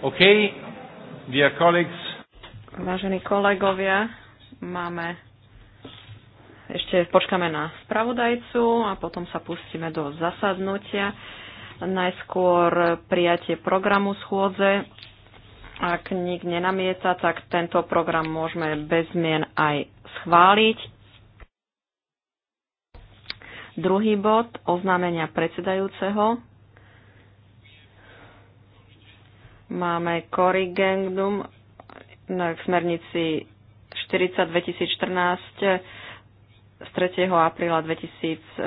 OK, dear colleagues. Vážení kolegovia, máme ešte počkáme na spravodajcu a potom sa pustíme do zasadnutia. Najskôr prijatie programu schôdze. Ak nik nenamieta, tak tento program môžeme bez zmien aj schváliť. Druhý bod oznámenia predsedajúceho. Máme korrigendum v smernici 40 2014 z 3. apríla 2014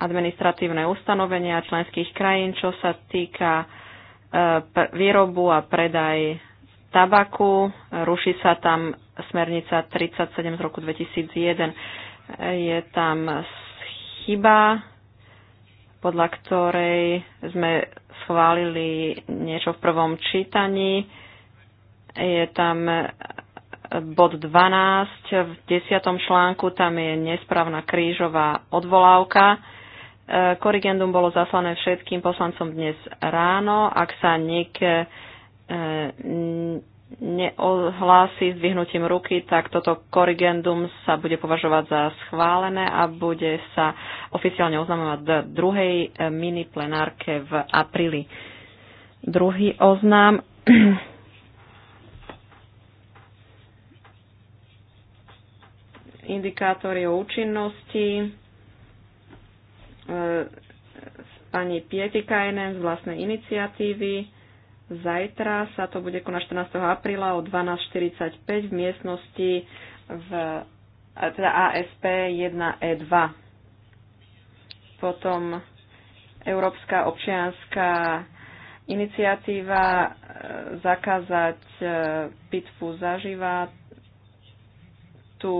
administratívne ustanovenia členských krajín, čo sa týka e, výrobu a predaj tabaku. Ruší sa tam smernica 37 z roku 2001. E, je tam chyba podľa ktorej sme schválili niečo v prvom čítaní. Je tam bod 12, v 10. článku tam je nesprávna krížová odvolávka. E, korigendum bolo zaslané všetkým poslancom dnes ráno. Ak sa nik e, neohlási zdvihnutím ruky, tak toto korrigendum sa bude považovať za schválené a bude sa oficiálne oznamovať v druhej eh, mini plenárke v apríli. Druhý oznám. Indikátory o účinnosti eh, s pani Pietikajnen z vlastnej iniciatívy Zajtra sa to bude konať 14. apríla o 12.45 v miestnosti v teda ASP 1E2. E Potom Európska občianská iniciatíva e, zakázať e, pitvu zaživa. Tu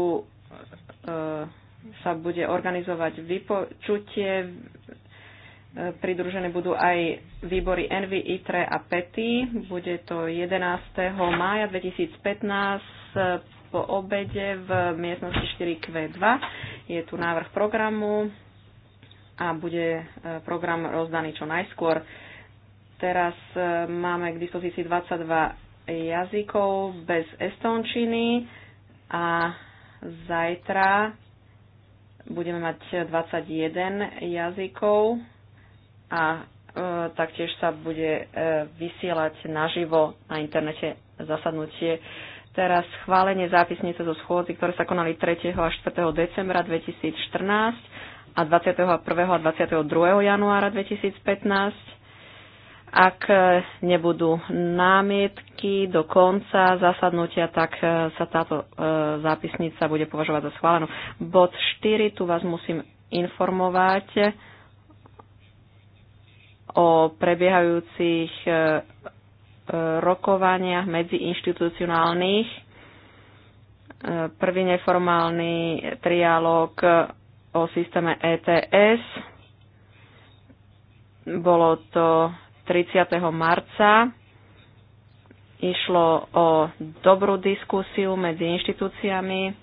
sa bude organizovať vypočutie Pridružené budú aj výbory Envy, ITRE a PETI. Bude to 11. mája 2015 po obede v miestnosti 4Q2. Je tu návrh programu a bude e, program rozdaný čo najskôr. Teraz e, máme k dispozícii 22 jazykov bez estončiny a zajtra budeme mať 21 jazykov a e, taktiež sa bude e, vysielať naživo na internete zasadnutie. Teraz schválenie zápisnice zo schôdzi, ktoré sa konali 3. a 4. decembra 2014 a 21. a 22. januára 2015. Ak e, nebudú námietky do konca zasadnutia, tak sa táto zápisnica bude považovať za schválenú. Bod 4, tu vás musím informovať o prebiehajúcich e, e, rokovaniach inštitucionálnych, e, Prvý neformálny trialóg o systéme ETS. Bolo to 30. marca. Išlo o dobrú diskusiu medzi inštitúciami.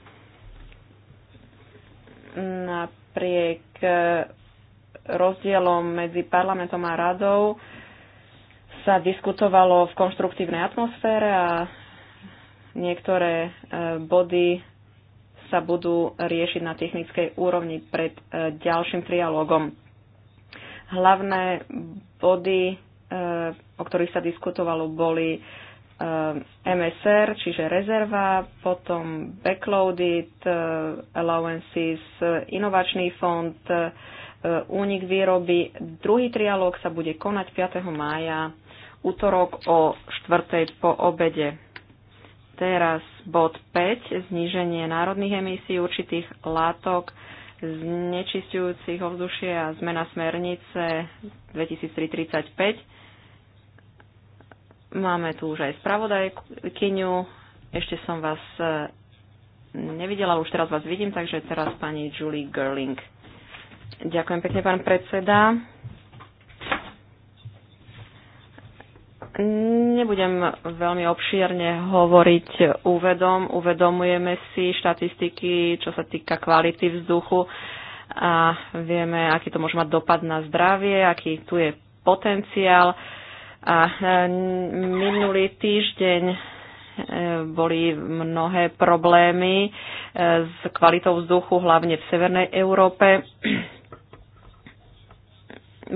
Napriek rozdielom medzi parlamentom a radou sa diskutovalo v konštruktívnej atmosfére a niektoré e, body sa budú riešiť na technickej úrovni pred e, ďalším trialógom. Hlavné body, e, o ktorých sa diskutovalo, boli MSR, čiže rezerva, potom backloaded, allowances, inovačný fond, E, únik výroby. Druhý trialóg sa bude konať 5. mája, útorok o 4. po obede. Teraz bod 5, zníženie národných emisí určitých látok znečistujúcich ovzdušie a zmena smernice 2035. Máme tu už aj spravodajkyňu. Ešte som vás e, nevidela, ale už teraz vás vidím, takže teraz pani Julie Gerling. Ďakujem pekne, pán predseda. Nebudem veľmi obšírne hovoriť úvedom. Uvedomujeme si štatistiky, čo sa týka kvality vzduchu a vieme, aký to môže mať dopad na zdravie, aký tu je potenciál. A mm, minulý týždeň e, boli mnohé problémy e, s kvalitou vzduchu, hlavne v Severnej Európe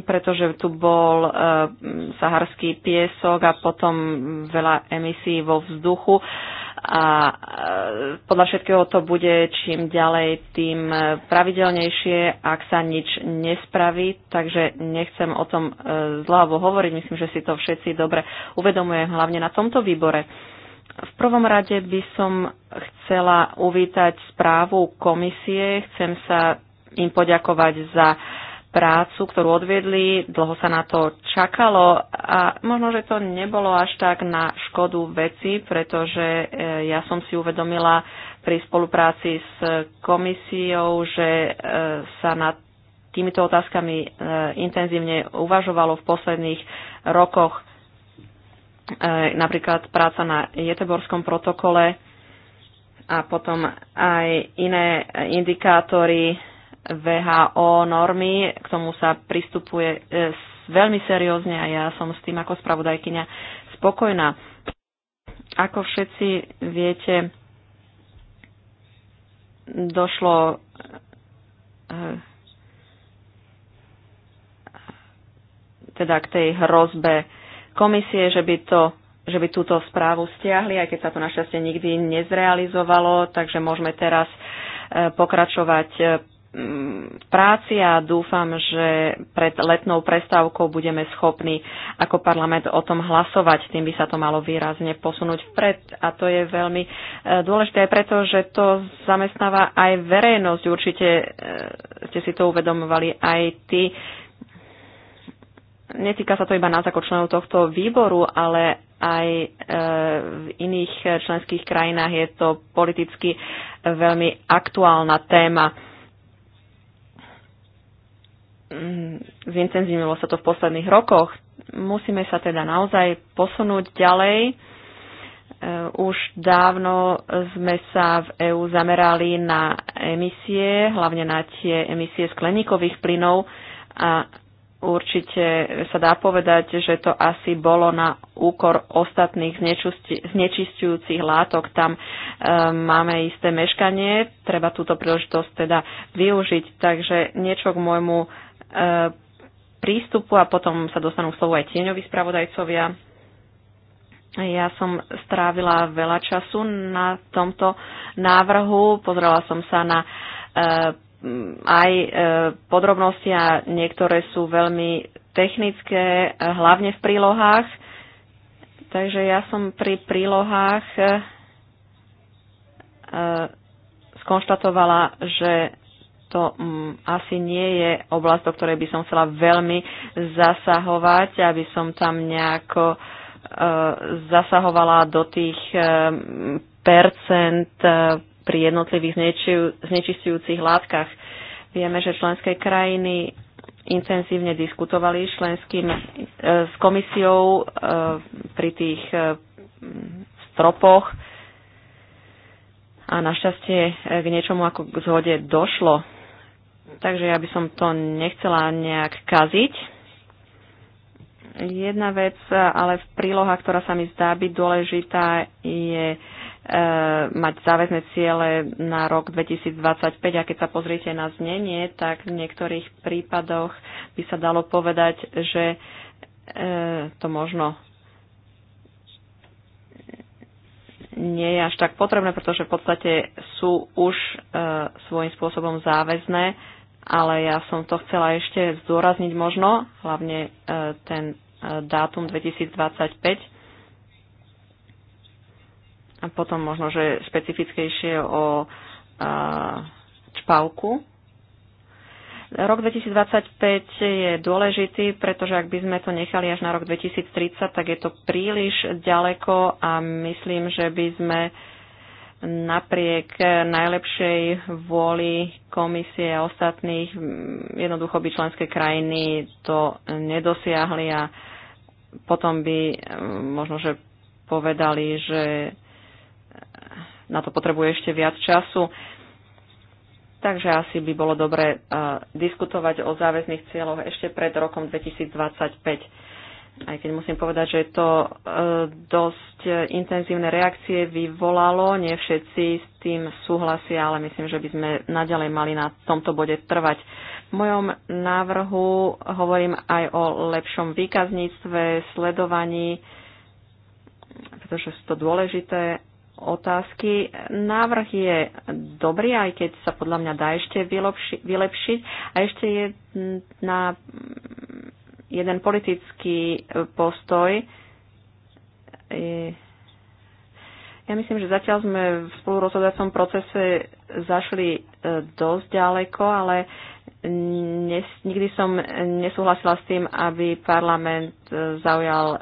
pretože tu bol e, saharský piesok a potom veľa emisí vo vzduchu a e, podľa všetkého to bude čím ďalej, tým pravidelnejšie, ak sa nič nespraví, takže nechcem o tom e, zľavo hovoriť, myslím, že si to všetci dobre uvedomujem, hlavne na tomto výbore. V prvom rade by som chcela uvítať správu komisie, chcem sa im poďakovať za uh, prácu, ktorú odviedli, dlho sa na to čakalo a možno, že to nebolo až tak na škodu veci, pretože e, ja som si uvedomila pri spolupráci s komisiou, že e, sa nad týmito otázkami e, intenzívne uvažovalo v posledných rokoch, napríklad práca na Jeteborskom protokole a potom aj iné indikátory VHO normy, k tomu sa pristupuje e, veľmi seriózne a ja som s tým ako spravodajkyňa spokojná. Ako všetci viete, došlo e, teda k tej hrozbe komisie, že by, to, že by túto správu stiahli, aj keď sa to našťastie nikdy nezrealizovalo, takže môžeme teraz e, pokračovať Mm, práci a dúfam, že pred letnou prestávkou budeme schopní ako parlament o tom hlasovať. Tým by sa to malo výrazne posunúť vpred a to je veľmi e, dôležité pretože preto, že to zamestnáva aj verejnosť. Určite e, ste si to uvedomovali aj ty. Netýka sa to iba nás ako členov tohto výboru, ale aj e, v iných členských krajinách je to politicky veľmi aktuálna téma Zintenzívnilo sa to v posledných rokoch. Musíme sa teda naozaj posunúť ďalej. E, už dávno sme sa v EÚ zamerali na emisie, hlavne na tie emisie skleníkových plynov a určite sa dá povedať, že to asi bolo na úkor ostatných znečistujúcich látok. Tam e, máme isté meškanie, treba túto príležitosť teda využiť. Takže niečo k môjmu e, prístupu a potom sa dostanú slovo aj tieňoví spravodajcovia. Ja som strávila veľa času na tomto návrhu, pozrela som sa na eh, aj eh, podrobnosti a niektoré sú veľmi technické, hlavne v prílohách. Takže ja som pri prílohách eh, skonštatovala, že to um, asi nie je oblasť, do ktorej by som chcela veľmi zasahovať, aby som tam nejako uh, zasahovala do tých um, percent uh, pri jednotlivých zneči- znečistujúcich látkach. Vieme, že členské krajiny intenzívne diskutovali členským, uh, s komisiou uh, pri tých uh, stropoch a našťastie k niečomu ako k zhode došlo Takže ja by som to nechcela nejak kaziť. Jedna vec, ale v príloha, ktorá sa mi zdá byť dôležitá, je e, mať záväzne ciele na rok 2025 a keď sa pozriete na znenie, tak v niektorých prípadoch by sa dalo povedať, že e, to možno nie je až tak potrebné, pretože v podstate sú už e, svojím spôsobom záväzné. E, ale ja som to chcela ešte zdôrazniť možno, hlavne e, ten e, dátum 2025 a potom možno, že špecifickejšie o e, čpavku. Rok 2025 je dôležitý, pretože ak by sme to nechali až na rok 2030, tak je to príliš ďaleko a myslím, že by sme uh, napriek najlepšej vôli komisie a ostatných jednoducho by členské krajiny to nedosiahli a potom by možno, že povedali, že na to potrebuje ešte viac času. Takže asi by bolo dobre diskutovať o záväzných cieľoch ešte pred rokom 2025 aj keď musím povedať, že to e, dosť intenzívne reakcie vyvolalo. Nie všetci s tým súhlasia, ale myslím, že by sme naďalej mali na tomto bode trvať. V mojom návrhu hovorím aj o lepšom výkazníctve, sledovaní, pretože sú to dôležité otázky. Návrh je dobrý, aj keď sa podľa mňa dá ešte vylepši, vylepšiť. A ešte jedna jeden politický e, postoj. E, ja myslím, že zatiaľ sme v spolurozhodacom procese zašli e, dosť ďaleko, ale nes, nikdy som nesúhlasila s tým, aby parlament e, zaujal e,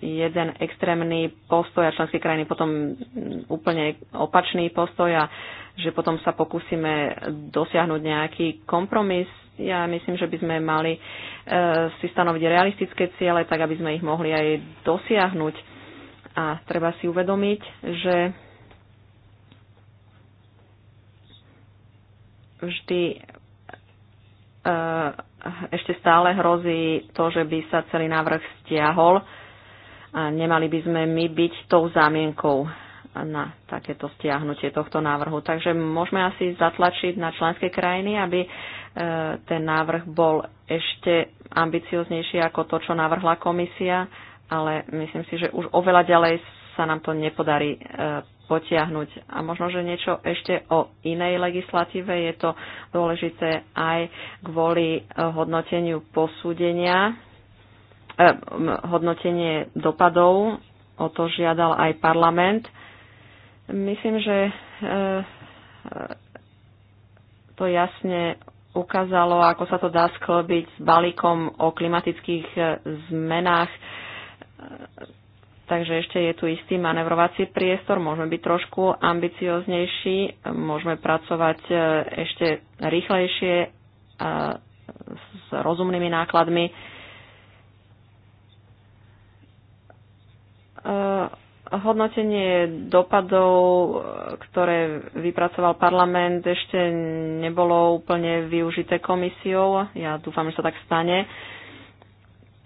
jeden extrémny postoj a členské krajiny potom mm, úplne opačný postoj a že potom sa pokúsime dosiahnuť nejaký kompromis. Ja myslím, že by sme mali e, si stanoviť realistické ciele, tak aby sme ich mohli aj dosiahnuť. A treba si uvedomiť, že vždy Eh, ešte stále hrozí to, že by sa celý návrh stiahol a nemali by sme my byť tou zámienkou na takéto stiahnutie tohto návrhu. Takže môžeme asi zatlačiť na členské krajiny, aby eh, ten návrh bol ešte ambicioznejší ako to, čo navrhla komisia, ale myslím si, že už oveľa ďalej sa nám to nepodarí eh, potiahnuť. A možno, že niečo ešte o inej legislatíve je to dôležité aj kvôli e, hodnoteniu posúdenia, eh, hodnotenie dopadov, o to žiadal aj parlament. Myslím, že eh, to jasne ukázalo, ako sa to dá sklbiť s balíkom o klimatických e, zmenách Takže ešte je tu istý manevrovací priestor, môžeme byť trošku ambicioznejší, môžeme pracovať e, ešte rýchlejšie e, s rozumnými nákladmi. E, hodnotenie dopadov, ktoré vypracoval parlament, ešte nebolo úplne využité komisiou. Ja dúfam, že sa tak stane.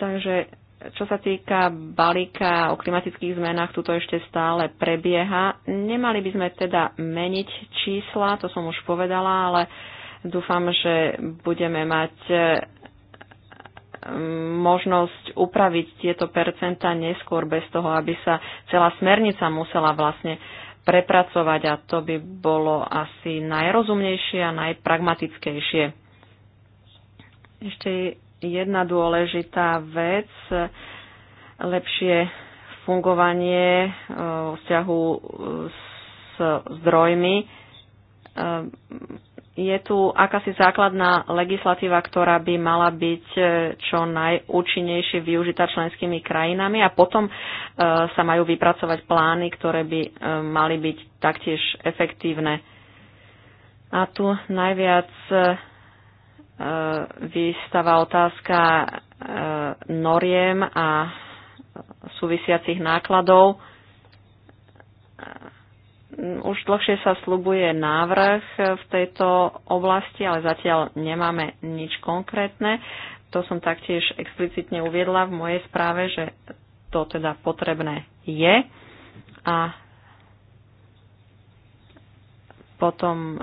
Takže čo sa týka balíka o klimatických zmenách, tuto ešte stále prebieha. Nemali by sme teda meniť čísla, to som už povedala, ale dúfam, že budeme mať e, možnosť upraviť tieto percenta neskôr bez toho, aby sa celá smernica musela vlastne prepracovať a to by bolo asi najrozumnejšie a najpragmatickejšie. Ešte jedna dôležitá vec, lepšie fungovanie eh, vzťahu eh, s zdrojmi. Eh, je tu akási základná legislatíva, ktorá by mala byť čo najúčinnejšie využitá členskými krajinami a potom sa majú vypracovať plány, ktoré by mali byť taktiež efektívne. A tu najviac E, výstava otázka e, noriem a súvisiacich nákladov. E, už dlhšie sa slubuje návrh v tejto oblasti, ale zatiaľ nemáme nič konkrétne. To som taktiež explicitne uviedla v mojej správe, že to teda potrebné je. A potom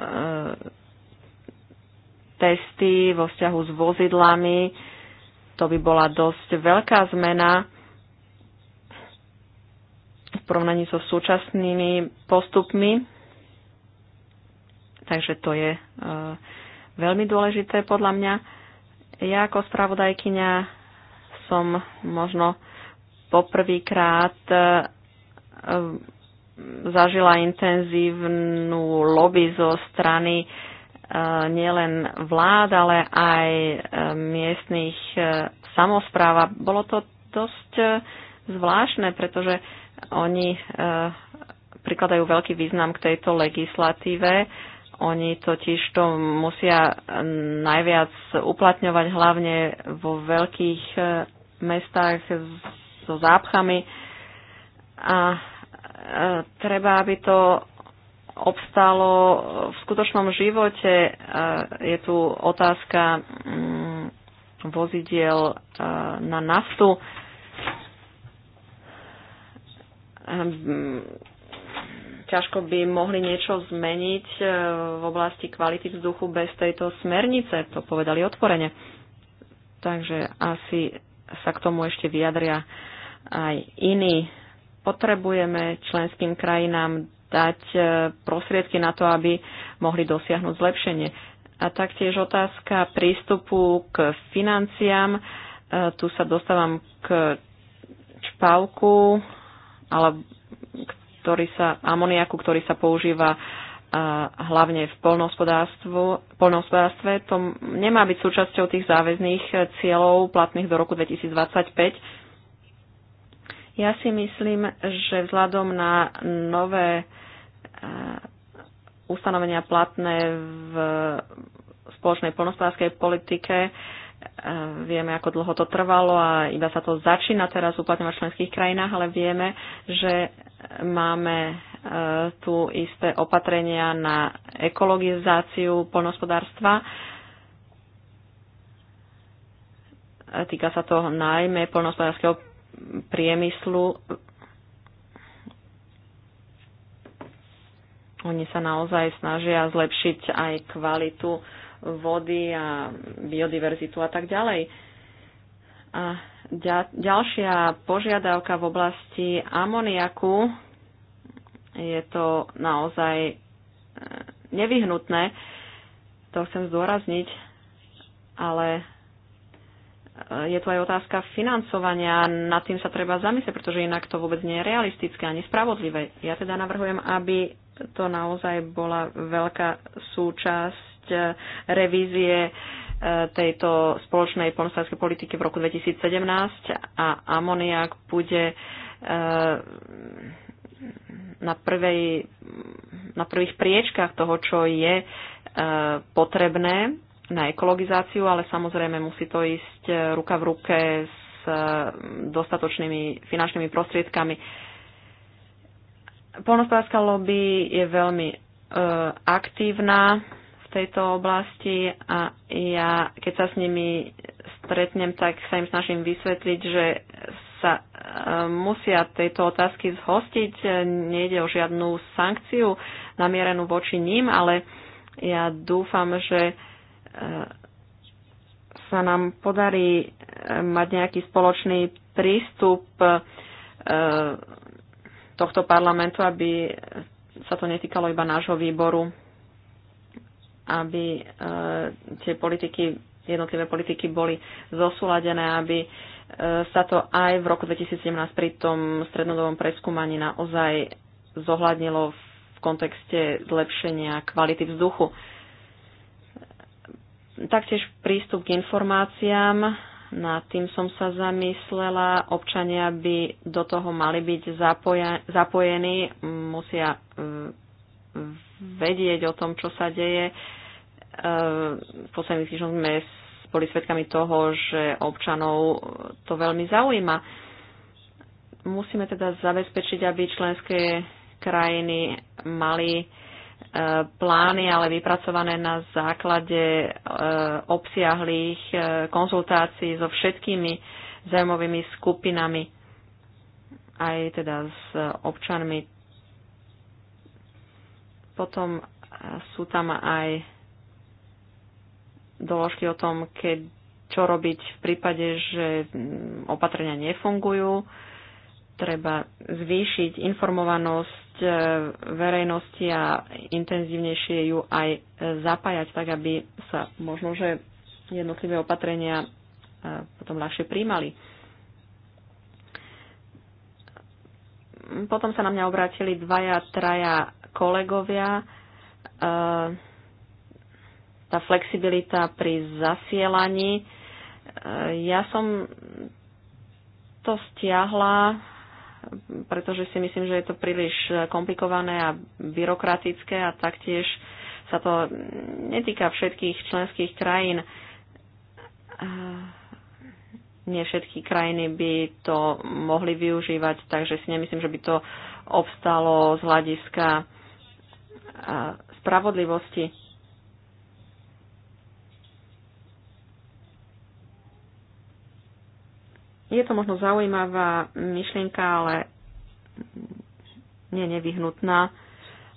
testy vo vzťahu s vozidlami. To by bola dosť veľká zmena v porovnaní so súčasnými postupmi. Takže to je e, veľmi dôležité podľa mňa. Ja ako spravodajkyňa som možno poprvýkrát e, e, zažila intenzívnu lobby zo strany nielen vlád, ale aj e, miestných e, samozpráv. A bolo to dosť e, zvláštne, pretože oni prikladajú veľký význam k tejto legislatíve. Oni totiž to musia najviac uplatňovať hlavne vo veľkých mestách so zápchami a treba, aby to Obstalo. v skutočnom živote. E, je tu otázka mm, vozidiel e, na naftu. Ehm, ťažko by mohli niečo zmeniť e, v oblasti kvality vzduchu bez tejto smernice, to povedali otvorene. Takže asi sa k tomu ešte vyjadria aj iní. Potrebujeme členským krajinám dať e, prostriedky na to, aby mohli dosiahnuť zlepšenie. A taktiež otázka prístupu k financiám. E, tu sa dostávam k čpavku, ale ktorý sa, amoniaku, ktorý sa používa e, hlavne v polnohospodárstve. To nemá byť súčasťou tých záväzných cieľov platných do roku 2025 ja si myslím, že vzhľadom na nové e, ustanovenia platné v spoločnej polnospodárskej politike, e, vieme, ako dlho to trvalo a iba sa to začína teraz uplatňovať v členských krajinách, ale vieme, že máme e, tu isté opatrenia na ekologizáciu polnospodárstva. Týka sa to najmä polnospodárskeho priemyslu. Oni sa naozaj snažia zlepšiť aj kvalitu vody a biodiverzitu a tak ďalej. A ďalšia požiadavka v oblasti amoniaku je to naozaj e, nevyhnutné, to chcem zdôrazniť, ale je tu aj otázka financovania. Nad tým sa treba zamyslieť, pretože inak to vôbec nie je realistické ani spravodlivé. Ja teda navrhujem, aby to naozaj bola veľká súčasť e, revízie e, tejto spoločnej polnospodárskej politiky v roku 2017 a amoniak bude e, na, prvej, na prvých priečkách toho, čo je potrebné na ekologizáciu, ale samozrejme musí to ísť e, ruka v ruke s e, dostatočnými finančnými prostriedkami. Polnospodárska lobby je veľmi e, aktívna v tejto oblasti a ja, keď sa s nimi stretnem, tak sa im snažím vysvetliť, že sa e, musia tejto otázky zhostiť. E, nejde o žiadnu sankciu namierenú voči ním, ale ja dúfam, že e, E, sa nám podarí e, mať nejaký spoločný prístup e, tohto parlamentu, aby sa to netýkalo iba nášho výboru, aby tie politiky, jednotlivé politiky boli zosúladené, aby sa to aj v roku 2017 pri tom strednodobom preskúmaní naozaj zohľadnilo v kontexte zlepšenia kvality vzduchu. Taktiež prístup k informáciám, nad tým som sa zamyslela, občania by do toho mali byť zapoja- zapojení, musia e, vedieť o tom, čo sa deje. E, v posledných týždňoch sme boli svedkami toho, že občanov to veľmi zaujíma. Musíme teda zabezpečiť, aby členské krajiny mali plány, ale vypracované na základe e, obsiahlých e, konzultácií so všetkými zaujímavými skupinami, aj teda s občanmi. Potom e, sú tam aj doložky o tom, keď, čo robiť v prípade, že mm, opatrenia nefungujú. Treba zvýšiť informovanosť E, verejnosti a intenzívnejšie ju aj zapájať, tak aby sa možno, že jednotlivé opatrenia e, potom ľahšie príjmali. Potom sa na mňa obrátili dvaja, traja kolegovia. E, tá flexibilita pri zasielaní. Ja som to stiahla pretože si myslím, že je to príliš komplikované a byrokratické a taktiež sa to netýka všetkých členských krajín. Nie všetky krajiny by to mohli využívať, takže si nemyslím, že by to obstalo z hľadiska spravodlivosti. Je to možno zaujímavá myšlienka, ale nie nevyhnutná,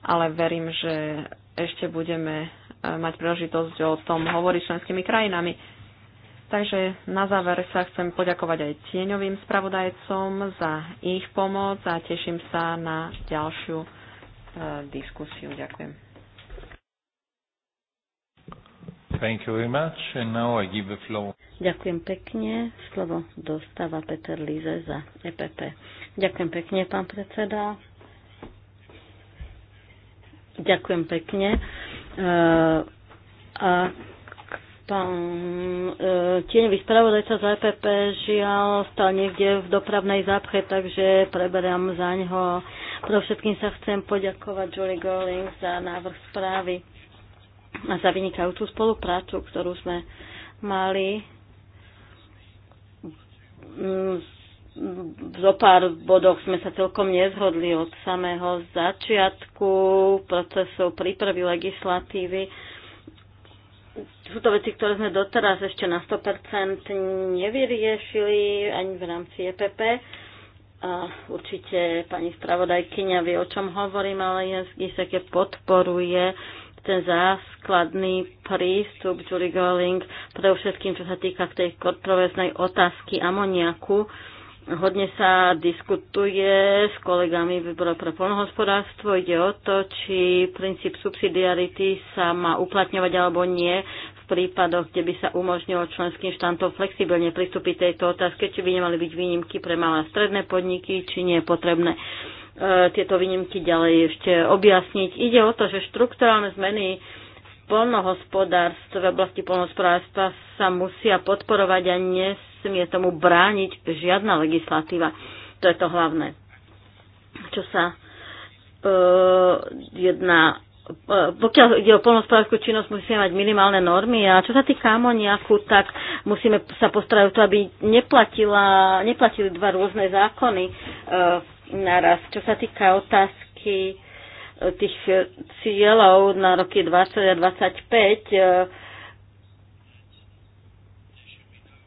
ale verím, že ešte budeme e, mať príležitosť o tom hovoriť s členskými krajinami. Takže na záver sa chcem poďakovať aj tieňovým spravodajcom za ich pomoc a teším sa na ďalšiu e, diskusiu. Ďakujem. Thank you very much. And now I give the floor. Ďakujem pekne. Slovo dostáva Peter Líze za EPP. Ďakujem pekne, pán predseda. Ďakujem pekne. Eh, a pán eh, tieňový spravodajca za EPP žiaľ stal niekde v dopravnej zápche, takže preberám za ňoho. Pro všetkým sa chcem poďakovať Julie Gowling za návrh správy a za vynikajúcu spoluprácu, ktorú sme mali v zo pár bodoch sme sa celkom nezhodli od samého začiatku procesov prípravy legislatívy. Sú to veci, ktoré sme doteraz ešte na 100% nevyriešili ani v rámci EPP. A určite pani spravodajkyňa vie, o čom hovorím, ale ISG podporuje ten základný prístup Julie pre všetkým, čo sa týka tej kontroverznej otázky amoniaku. Hodne sa diskutuje s kolegami výboru pre polnohospodárstvo. Ide o to, či princíp subsidiarity sa má uplatňovať alebo nie v prípadoch, kde by sa umožnilo členským štátom flexibilne pristúpiť tejto otázke, či by nemali byť výnimky pre malé a stredné podniky, či nie je potrebné E, tieto výnimky ďalej ešte objasniť. Ide o to, že štruktúrálne zmeny v polnohospodárstve, v oblasti polnohospodárstva sa musia podporovať a nesmie tomu brániť žiadna legislatíva. To je to hlavné. Čo sa e, jedná e, pokiaľ ide o polnospodárskú činnosť, musíme mať minimálne normy a čo sa týka amoniaku, tak musíme sa postarať o to, aby neplatila, neplatili dva rôzne zákony v e, naraz. Čo sa týka otázky e, tých e, cieľov na roky 2025. a e,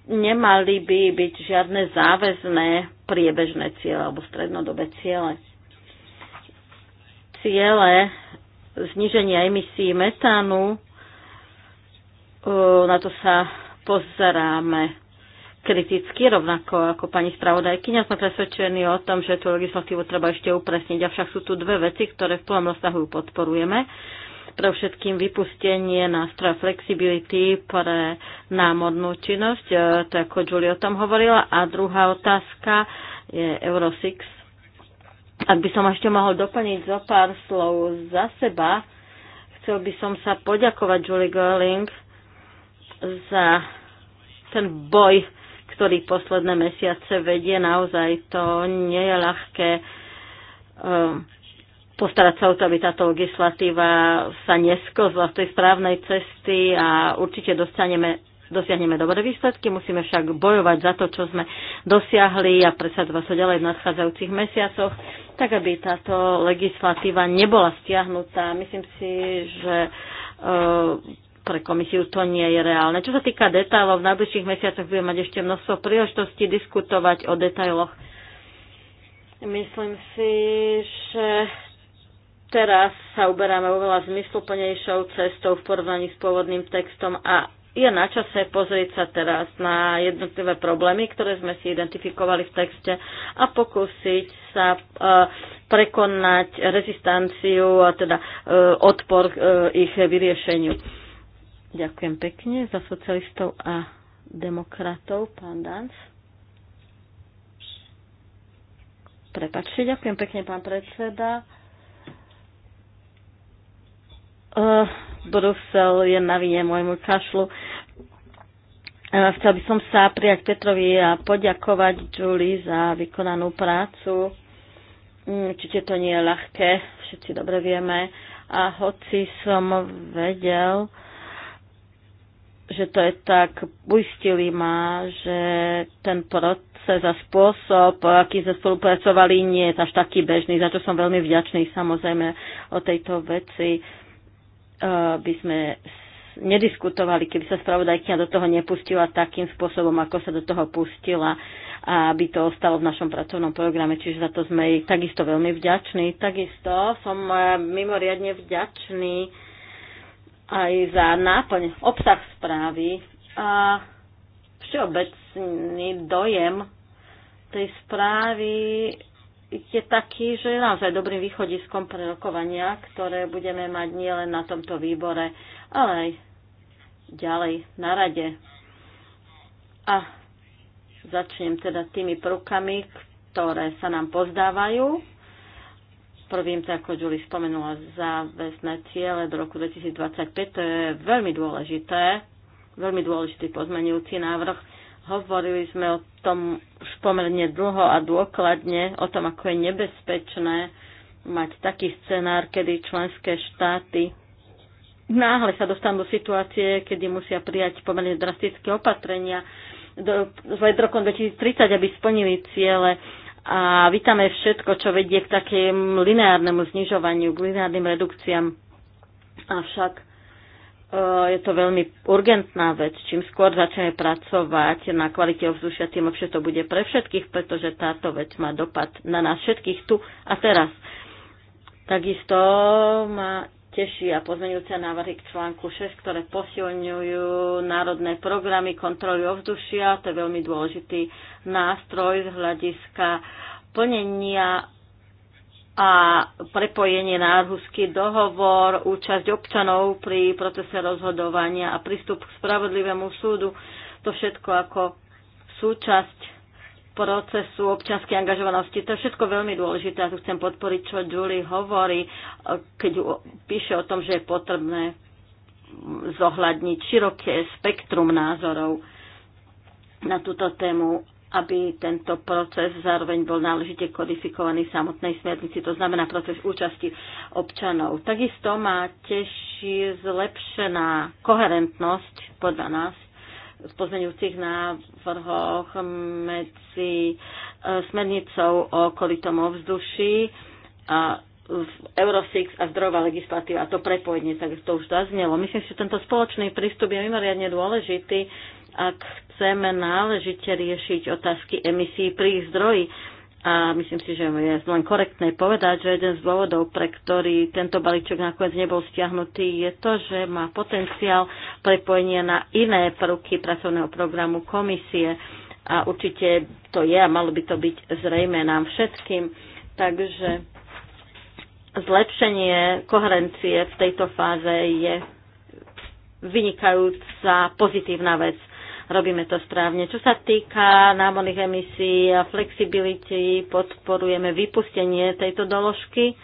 nemali by byť žiadne záväzné priebežné ciele alebo strednodobé ciele. Ciele zniženia emisí metánu, na to sa pozeráme kriticky, rovnako ako pani spravodajkyňa. Sme presvedčení o tom, že tú legislatívu treba ešte upresniť, avšak sú tu dve veci, ktoré v plnom rozsahu podporujeme. Pre všetkým vypustenie nástroja flexibility pre námornú činnosť, e, to ako Julie o tom hovorila. A druhá otázka je Euro 6. Ak by som ešte mohol doplniť zo pár slov za seba, chcel by som sa poďakovať Julie Girling za ten boj ktorý posledné mesiace vedie, naozaj to nie je ľahké ehm, postarať sa o to, aby táto legislatíva sa neskozla v tej správnej cesty a určite dostaneme dosiahneme dobré výsledky, musíme však bojovať za to, čo sme dosiahli a presadzovať sa ďalej v nadchádzajúcich mesiacoch, tak aby táto legislatíva nebola stiahnutá. Myslím si, že ehm, pre komisiu to nie je reálne. Čo sa týka detailov, v najbližších mesiacoch budeme mať ešte množstvo príležitostí diskutovať o detailoch. Myslím si, že teraz sa uberáme oveľa zmysluplnejšou cestou v porovnaní s pôvodným textom a je na čase pozrieť sa teraz na jednotlivé problémy, ktoré sme si identifikovali v texte a pokúsiť sa e, prekonať rezistanciu a teda e, odpor e, ich vyriešeniu. Ďakujem pekne za socialistov a demokratov, pán Danc. Prepačte, ďakujem pekne, pán predseda. Uh, Brusel je na vine môjmu kašlu. Uh, chcel by som sa prijať Petrovi a poďakovať Julie za vykonanú prácu. Mm, určite to nie je ľahké, všetci dobre vieme. A hoci som vedel, že to je tak, uistili ma, že ten proces a spôsob, akým sme spolupracovali, nie je až taký bežný, za čo som veľmi vďačný samozrejme o tejto veci. Eh, by sme nediskutovali, keby sa spravodajkňa do toho nepustila takým spôsobom, ako sa do toho pustila a aby to ostalo v našom pracovnom programe, čiže za to sme jej takisto veľmi vďační. Takisto som eh, mimoriadne vďačný aj za náplň, obsah správy a všeobecný dojem tej správy je taký, že je naozaj dobrým východiskom pre rokovania, ktoré budeme mať nielen na tomto výbore, ale aj ďalej na rade. A začnem teda tými prukami, ktoré sa nám pozdávajú Prvým, tak ako Julie spomenula, záväzné ciele do roku 2025, to je veľmi dôležité, veľmi dôležitý pozmenujúci návrh. Hovorili sme o tom už pomerne dlho a dôkladne, o tom, ako je nebezpečné mať taký scenár, kedy členské štáty náhle sa dostanú do situácie, kedy musia prijať pomerne drastické opatrenia do, do, do rokom 2030, aby splnili ciele a vítame všetko, čo vedie k takému lineárnemu znižovaniu, k lineárnym redukciám. Avšak e, je to veľmi urgentná vec. Čím skôr začneme pracovať na kvalite ovzdušia, tým lepšie to bude pre všetkých, pretože táto vec má dopad na nás všetkých tu a teraz. Takisto má a pozmeňujúce návrhy k článku 6, ktoré posilňujú národné programy kontroly ovzdušia. To je veľmi dôležitý nástroj z hľadiska plnenia a prepojenie na Arhusky dohovor, účasť občanov pri procese rozhodovania a prístup k spravodlivému súdu. To všetko ako súčasť procesu občianskej angažovanosti. To je všetko veľmi dôležité a tu chcem podporiť, čo Julie hovorí, keď píše o tom, že je potrebné zohľadniť široké spektrum názorov na túto tému, aby tento proces zároveň bol náležite kodifikovaný v samotnej smernici, to znamená proces účasti občanov. Takisto má teší zlepšená koherentnosť podľa nás v pozmeňujúcich návrhoch medzi e, smernicou o kolitom ovzduší a v Euro 6 a zdrojová legislatíva, a to prepojenie, tak to už zaznelo. Myslím si, že tento spoločný prístup je mimoriadne dôležitý, ak chceme náležite riešiť otázky emisí pri ich zdroji a myslím si, že je len korektné povedať, že jeden z dôvodov, pre ktorý tento balíček nakoniec nebol stiahnutý, je to, že má potenciál prepojenia na iné prvky pracovného programu komisie. A určite to je a malo by to byť zrejme nám všetkým. Takže zlepšenie koherencie v tejto fáze je vynikajúca pozitívna vec robíme to správne. Čo sa týka námorných emisí a flexibility, podporujeme vypustenie tejto doložky.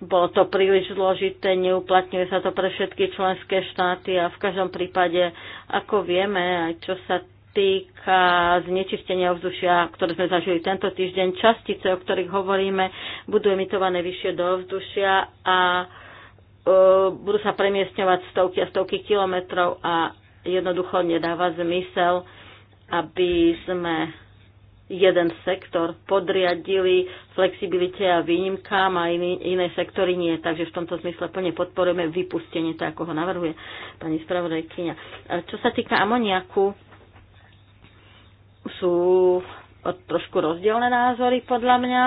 Bolo to príliš zložité, neuplatňuje sa to pre všetky členské štáty a v každom prípade, ako vieme, aj čo sa týka znečistenia ovzdušia, ktoré sme zažili tento týždeň, častice, o ktorých hovoríme, budú emitované vyššie do ovzdušia a e, budú sa premiestňovať stovky a stovky kilometrov a jednoducho nedáva zmysel, aby sme jeden sektor podriadili flexibilite a výnimkám a iný, iné sektory nie. Takže v tomto zmysle plne podporujeme vypustenie, tak ako ho navrhuje pani spravodajkyňa. Čo sa týka amoniaku, sú trošku rozdielne názory podľa mňa.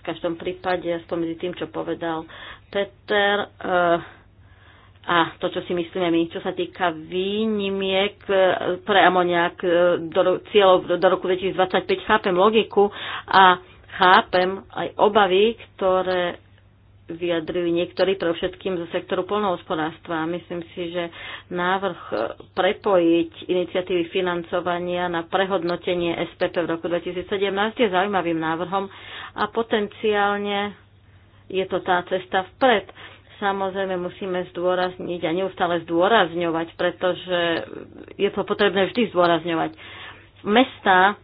V každom prípade, aspoň medzi tým, čo povedal Peter, uh, a to, čo si myslíme my. Čo sa týka výnimiek e, pre amoniak e, do, cieľov do roku 2025, chápem logiku a chápem aj obavy, ktoré vyjadrili niektorí pre všetkým zo sektoru polnohospodárstva. Myslím si, že návrh e, prepojiť iniciatívy financovania na prehodnotenie SPP v roku 2017 je zaujímavým návrhom a potenciálne je to tá cesta vpred samozrejme musíme zdôrazniť a neustále zdôrazňovať, pretože je to potrebné vždy zdôrazňovať. Mesta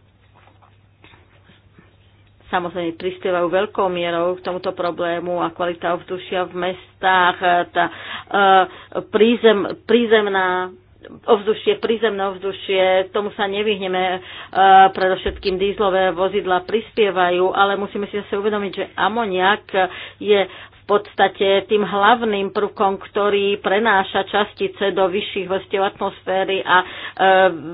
samozrejme prispievajú veľkou mierou k tomuto problému a kvalita ovzdušia v mestách, tá e, prízem, prízemná ovzdušie, prízemné ovzdušie, tomu sa nevyhneme, e, predovšetkým dýzlové vozidla prispievajú, ale musíme si zase uvedomiť, že amoniak je podstate tým hlavným prvkom, ktorý prenáša častice do vyšších vrstiev atmosféry a e,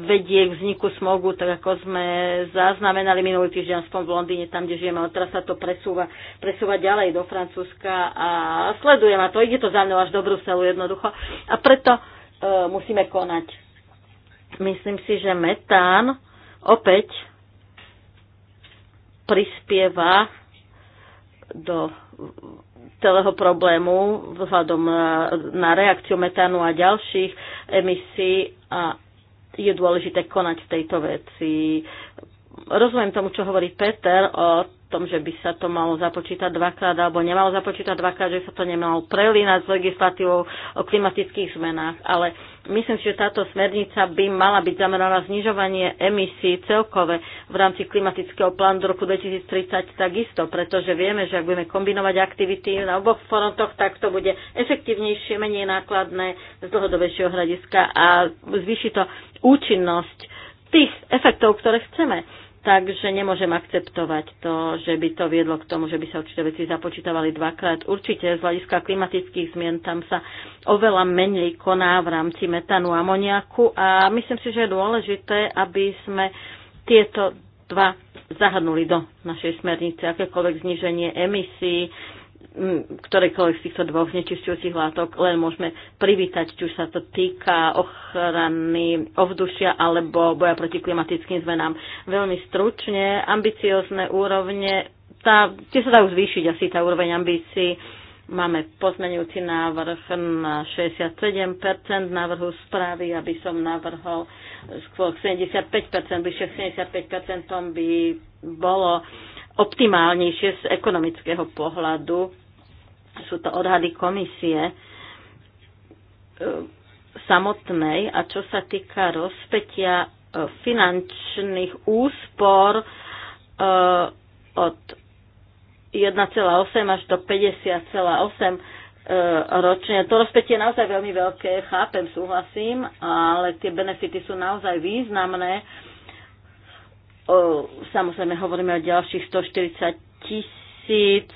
vedie k vzniku smogu, tak ako sme zaznamenali minulý týždeň aspoň v Londýne, tam, kde žijeme, ale teraz sa to presúva, presúva ďalej do Francúzska a sledujem a to ide to za mnou až do Bruselu jednoducho a preto e, musíme konať. Myslím si, že metán opäť prispieva do celého problému vzhľadom na reakciu metánu a ďalších emisí a je dôležité konať v tejto veci. Rozumiem tomu, čo hovorí Peter o tom, že by sa to malo započítať dvakrát alebo nemalo započítať dvakrát, že sa to nemalo prelínať s legislatívou o klimatických zmenách. Ale myslím si, že táto smernica by mala byť zameraná na znižovanie emisí celkové v rámci klimatického plánu do roku 2030 takisto, pretože vieme, že ak budeme kombinovať aktivity na oboch frontoch, tak to bude efektívnejšie, menej nákladné z dlhodobejšieho hľadiska a zvýši to účinnosť tých efektov, ktoré chceme Takže nemôžem akceptovať to, že by to viedlo k tomu, že by sa určité veci započítavali dvakrát. Určite z hľadiska klimatických zmien tam sa oveľa menej koná v rámci metanu a amoniaku a myslím si, že je dôležité, aby sme tieto dva zahrnuli do našej smernice, akékoľvek zníženie emisí, ktorékoľvek z týchto dvoch znečistujúcich látok len môžeme privítať, či už sa to týka ochrany ovdušia alebo boja proti klimatickým zmenám. Veľmi stručne, ambiciozne úrovne, tá, tie sa dajú zvýšiť asi, tá úroveň ambícií. Máme pozmenujúci návrh na 67% návrhu správy, aby som navrhol skôr 75%, bližšie 75% by bolo optimálnejšie z ekonomického pohľadu. Sú to odhady komisie e, samotnej a čo sa týka rozpetia e, finančných úspor e, od 1,8 až do 50,8 ročne. To rozpätie je naozaj veľmi veľké, chápem, súhlasím, ale tie benefity sú naozaj významné samozrejme hovoríme o ďalších 140 tisíc e,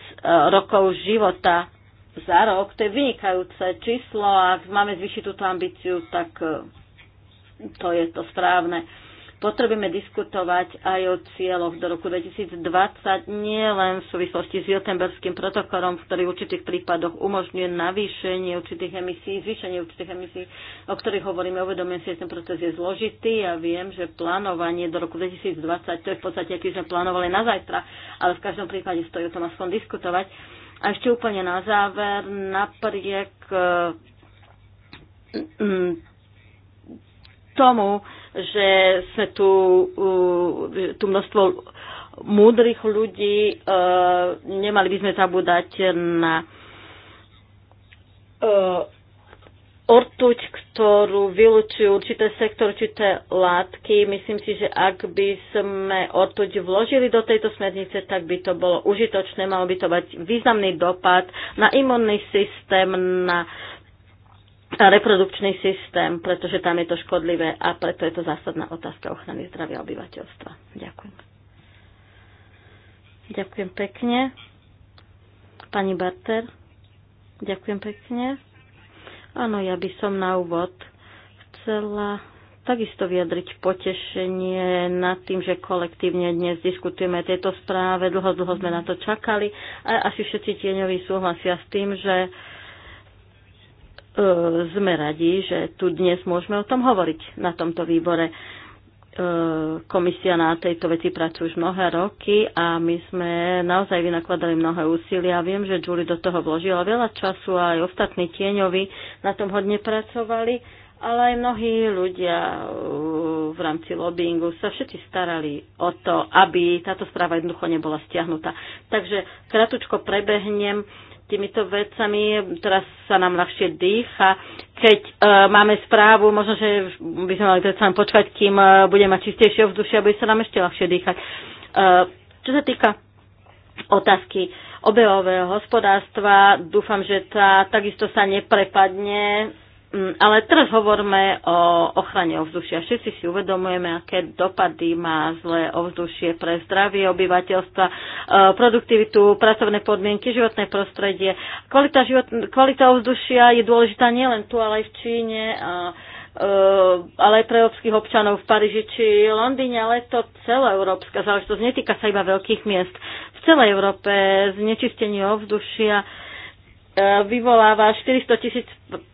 rokov života za rok. To je vynikajúce číslo a ak máme zvyšiť túto ambíciu, tak e, to je to správne. Potrebujeme diskutovať aj o cieľoch do roku 2020, nie len v súvislosti s Jotemberským protokolom, ktorý v určitých prípadoch umožňuje navýšenie určitých emisí, zvýšenie určitých emisí, o ktorých hovoríme. Uvedomujem si, že ten proces je zložitý a ja viem, že plánovanie do roku 2020, to je v podstate, aký sme plánovali na zajtra, ale v každom prípade stojí o tom aspoň diskutovať. A ešte úplne na záver, napriek eh, tomu, že sme tu, uh, tu množstvo múdrych ľudí, uh, nemali by sme zabúdať na uh, ortuť, ktorú vylučujú určité sektor, určité látky. Myslím si, že ak by sme ortuť vložili do tejto smernice, tak by to bolo užitočné, malo by to mať významný dopad na imunný systém, na a reprodukčný systém, pretože tam je to škodlivé a preto je to zásadná otázka ochrany zdravia obyvateľstva. Ďakujem. Ďakujem pekne. Pani Barter, ďakujem pekne. Áno, ja by som na úvod chcela takisto vyjadriť potešenie nad tým, že kolektívne dnes diskutujeme tieto správe. Dlho, dlho sme na to čakali a asi všetci tieňoví súhlasia s tým, že E, sme radi, že tu dnes môžeme o tom hovoriť na tomto výbore. E, komisia na tejto veci pracuje už mnohé roky a my sme naozaj vynakladali mnohé úsilia. Viem, že Julie do toho vložila veľa času a aj ostatní tieňovi na tom hodne pracovali, ale aj mnohí ľudia e, v rámci lobbyingu sa všetci starali o to, aby táto správa jednoducho nebola stiahnutá. Takže kratučko prebehnem týmito vecami, teraz sa nám ľahšie dýcha. Keď uh, máme správu, možno, že by sme mali predsa počkať, kým uh, e, bude mať čistejšie vzdušie, aby sa nám ešte ľahšie dýchať. Uh, čo sa týka otázky obehového hospodárstva, dúfam, že tá takisto sa neprepadne Mm, ale teraz hovoríme o ochrane ovzdušia. Všetci si uvedomujeme, aké dopady má zlé ovzdušie pre zdravie obyvateľstva, e, produktivitu, pracovné podmienky, životné prostredie. Kvalita, život, kvalita ovzdušia je dôležitá nielen tu, ale aj v Číne. A, e, ale aj pre európskych občanov v Paríži či Londýne, ale je to Európska záležitosť, netýka sa iba veľkých miest. V celej Európe znečistenie ovzdušia E, vyvoláva 400 tisíc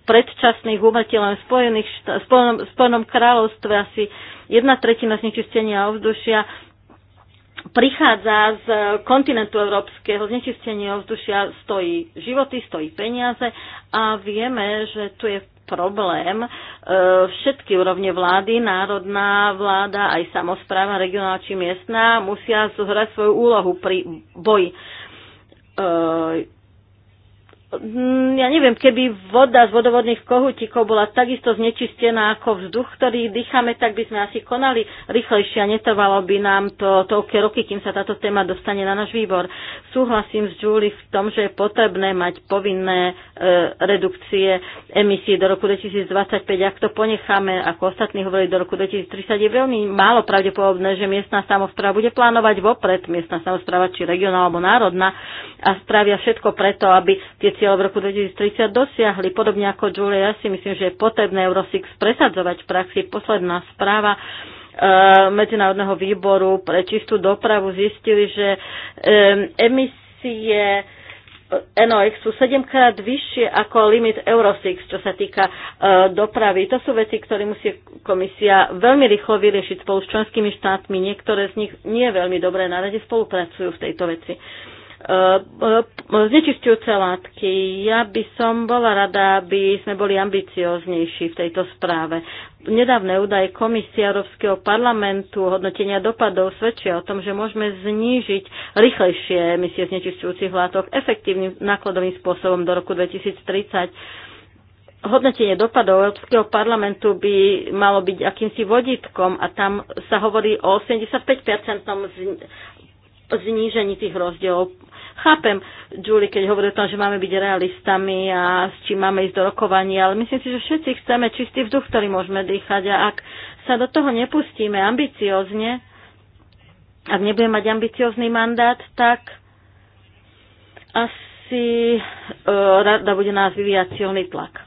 predčasných umrtí len v, Spojených Spojenom, Spojenom kráľovstve, asi jedna tretina znečistenia ovzdušia prichádza z kontinentu európskeho, znečistenia ovzdušia stojí životy, stojí peniaze a vieme, že tu je problém. E, všetky úrovne vlády, národná vláda, aj samozpráva, regionálna či miestná, musia zohrať svoju úlohu pri boji e, Mm, ja neviem, keby voda z vodovodných kohutíkov bola takisto znečistená ako vzduch, ktorý dýchame, tak by sme asi konali rýchlejšie a netrvalo by nám to toľké roky, kým sa táto téma dostane na náš výbor. Súhlasím s Julie v tom, že je potrebné mať povinné e, redukcie emisí do roku 2025. Ak to ponecháme, ako ostatní hovorili, do roku 2030 je veľmi málo pravdepodobné, že miestna samozpráva bude plánovať vopred, miestna samozpráva či regionálna alebo národná a spravia všetko preto, aby tie cieľ v roku 2030 dosiahli. Podobne ako Julia, ja si myslím, že je potrebné Eurosix presadzovať v praxi. Posledná správa e, Medzinárodného výboru pre čistú dopravu zistili, že e, emisie e, NOx sú sedemkrát vyššie ako limit Euro 6, čo sa týka dopravy. To sú veci, ktoré musí komisia veľmi rýchlo vyriešiť spolu s členskými štátmi. Niektoré z nich nie veľmi dobre na rade spolupracujú v tejto veci. Ehm, ehm, znečistujúce látky. Ja by som bola rada, aby sme boli ambicioznejší v tejto správe. Nedávne údaje Komisie Európskeho parlamentu hodnotenia dopadov svedčia o tom, že môžeme znížiť rýchlejšie emisie znečistujúcich látok efektívnym nákladovým spôsobom do roku 2030 hodnotenie dopadov Európskeho parlamentu by malo byť akýmsi vodítkom a tam sa hovorí o 85% znížení tých rozdielov. Chápem, Julie, keď hovorí o tom, že máme byť realistami a s čím máme ísť do rokovania, ale myslím si, že všetci chceme čistý vzduch, ktorý môžeme dýchať a ak sa do toho nepustíme ambiciozne, ak nebudeme mať ambiciózny mandát, tak asi e, rada bude nás vyvíjať silný tlak.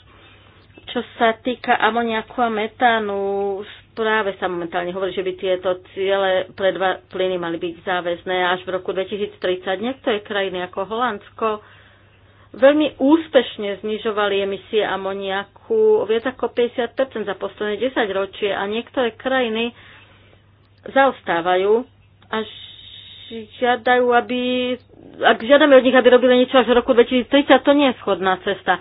Čo sa týka amoniaku a metánu, Práve sa momentálne hovorí, že by tieto ciele pre dva plyny mali byť záväzné až v roku 2030. Niektoré krajiny ako Holandsko veľmi úspešne znižovali emisie amoniaku viac ako 50% za posledné 10 ročie a niektoré krajiny zaostávajú a žiadajú, aby, ak žiadame od nich, aby robili niečo až v roku 2030, to nie je schodná cesta.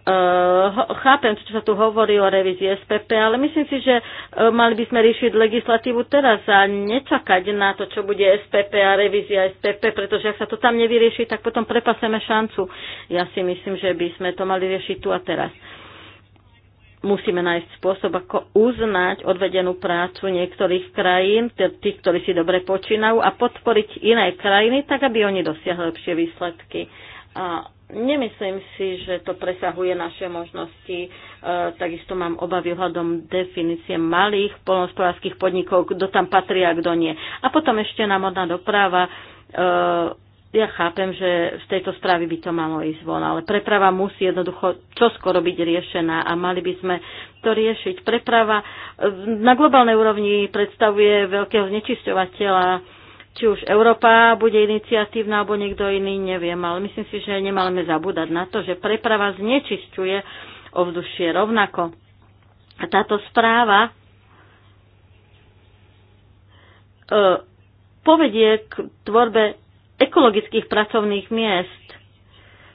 Eh, chápem, čo sa tu hovorí o revízii SPP, ale myslím si, že eh, mali by sme riešiť legislatívu teraz a nečakať na to, čo bude SPP a revízia SPP, pretože ak sa to tam nevyrieši, tak potom prepaseme šancu. Ja si myslím, že by sme to mali riešiť tu a teraz. Musíme nájsť spôsob, ako uznať odvedenú prácu niektorých krajín, tých, ktorí si dobre počínajú, a podporiť iné krajiny, tak aby oni dosiahli lepšie výsledky. A Nemyslím si, že to presahuje naše možnosti. E, takisto mám obavy hľadom definície malých polnospodárských podnikov, kto tam patrí a kto nie. A potom ešte modná doprava. E, ja chápem, že z tejto správy by to malo ísť von, ale preprava musí jednoducho čoskoro byť riešená a mali by sme to riešiť. Preprava e, na globálnej úrovni predstavuje veľkého znečisťovateľa či už Európa bude iniciatívna alebo niekto iný, neviem, ale myslím si, že nemáme zabúdať na to, že preprava znečisťuje ovzdušie rovnako. A táto správa e, povedie k tvorbe ekologických pracovných miest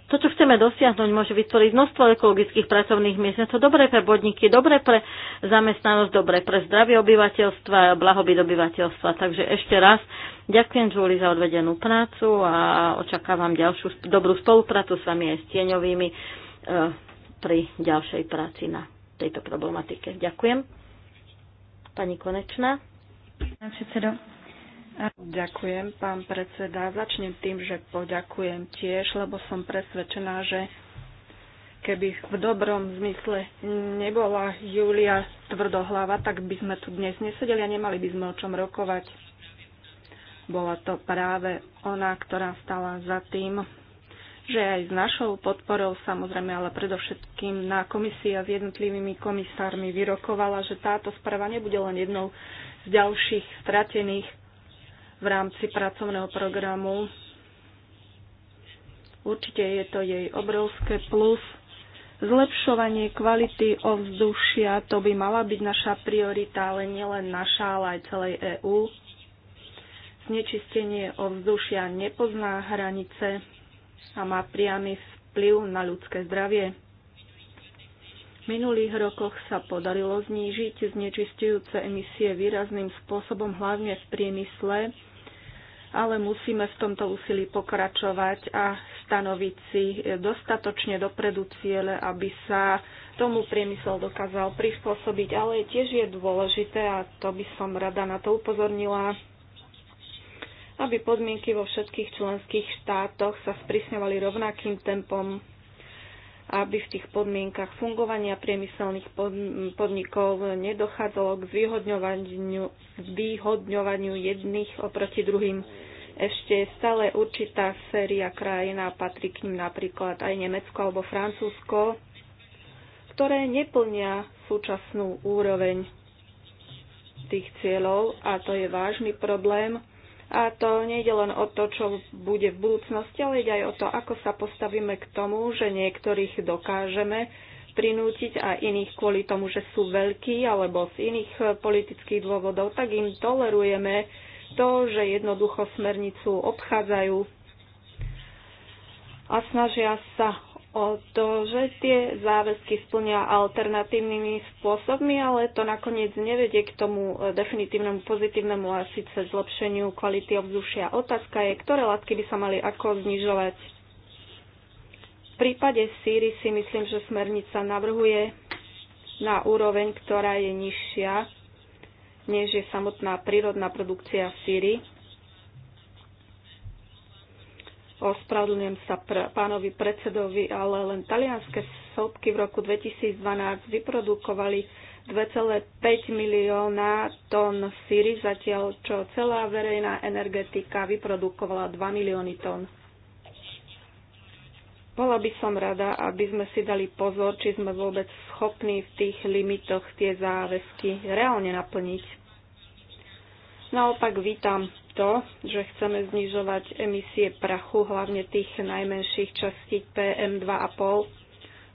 to, čo chceme dosiahnuť, môže vytvoriť množstvo ekologických pracovných miest. Je to dobré pre podniky, dobré pre zamestnanosť, dobré pre zdravie obyvateľstva, blahobyt obyvateľstva. Takže ešte raz ďakujem Julie za odvedenú prácu a očakávam ďalšiu dobrú spoluprácu s vami aj s tieňovými eh, pri ďalšej práci na tejto problematike. Ďakujem. Pani Konečná. Pán predsedo, Ďakujem, pán predseda. Začnem tým, že poďakujem tiež, lebo som presvedčená, že keby v dobrom zmysle nebola Julia tvrdohlava, tak by sme tu dnes nesedeli a nemali by sme o čom rokovať. Bola to práve ona, ktorá stala za tým, že aj s našou podporou, samozrejme, ale predovšetkým na komisii a s jednotlivými komisármi vyrokovala, že táto správa nebude len jednou z ďalších stratených v rámci pracovného programu. Určite je to jej obrovské plus. Zlepšovanie kvality ovzdušia, to by mala byť naša priorita, ale nielen naša, ale aj celej EÚ. Znečistenie ovzdušia nepozná hranice a má priamy vplyv na ľudské zdravie minulých rokoch sa podarilo znížiť znečistujúce emisie výrazným spôsobom, hlavne v priemysle, ale musíme v tomto úsilí pokračovať a stanoviť si dostatočne dopredu ciele, aby sa tomu priemysel dokázal prispôsobiť. Ale tiež je dôležité, a to by som rada na to upozornila, aby podmienky vo všetkých členských štátoch sa sprísňovali rovnakým tempom aby v tých podmienkach fungovania priemyselných podnikov nedochádzalo k zvýhodňovaniu, zvýhodňovaniu jedných oproti druhým. Ešte je stále určitá séria krajín a patrí k ním napríklad aj Nemecko alebo Francúzsko, ktoré neplnia súčasnú úroveň tých cieľov a to je vážny problém, a to nejde len o to, čo bude v budúcnosti, ale ide aj o to, ako sa postavíme k tomu, že niektorých dokážeme prinútiť a iných kvôli tomu, že sú veľkí alebo z iných eh, politických dôvodov, tak im tolerujeme to, že jednoducho smernicu obchádzajú a snažia sa o to, že tie záväzky splnia alternatívnymi spôsobmi, ale to nakoniec nevedie k tomu definitívnemu pozitívnemu a síce zlepšeniu kvality ovzdušia. Otázka je, ktoré látky by sa mali ako znižovať. V prípade síry si myslím, že smernica navrhuje na úroveň, ktorá je nižšia, než je samotná prírodná produkcia síry. Ospravedlňujem sa pr- pánovi predsedovi, ale len talianské sopky v roku 2012 vyprodukovali 2,5 milióna tón síry, zatiaľ čo celá verejná energetika vyprodukovala 2 milióny tón. Bola by som rada, aby sme si dali pozor, či sme vôbec schopní v tých limitoch tie záväzky reálne naplniť. Naopak vítam to, že chceme znižovať emisie prachu, hlavne tých najmenších častí PM2,5,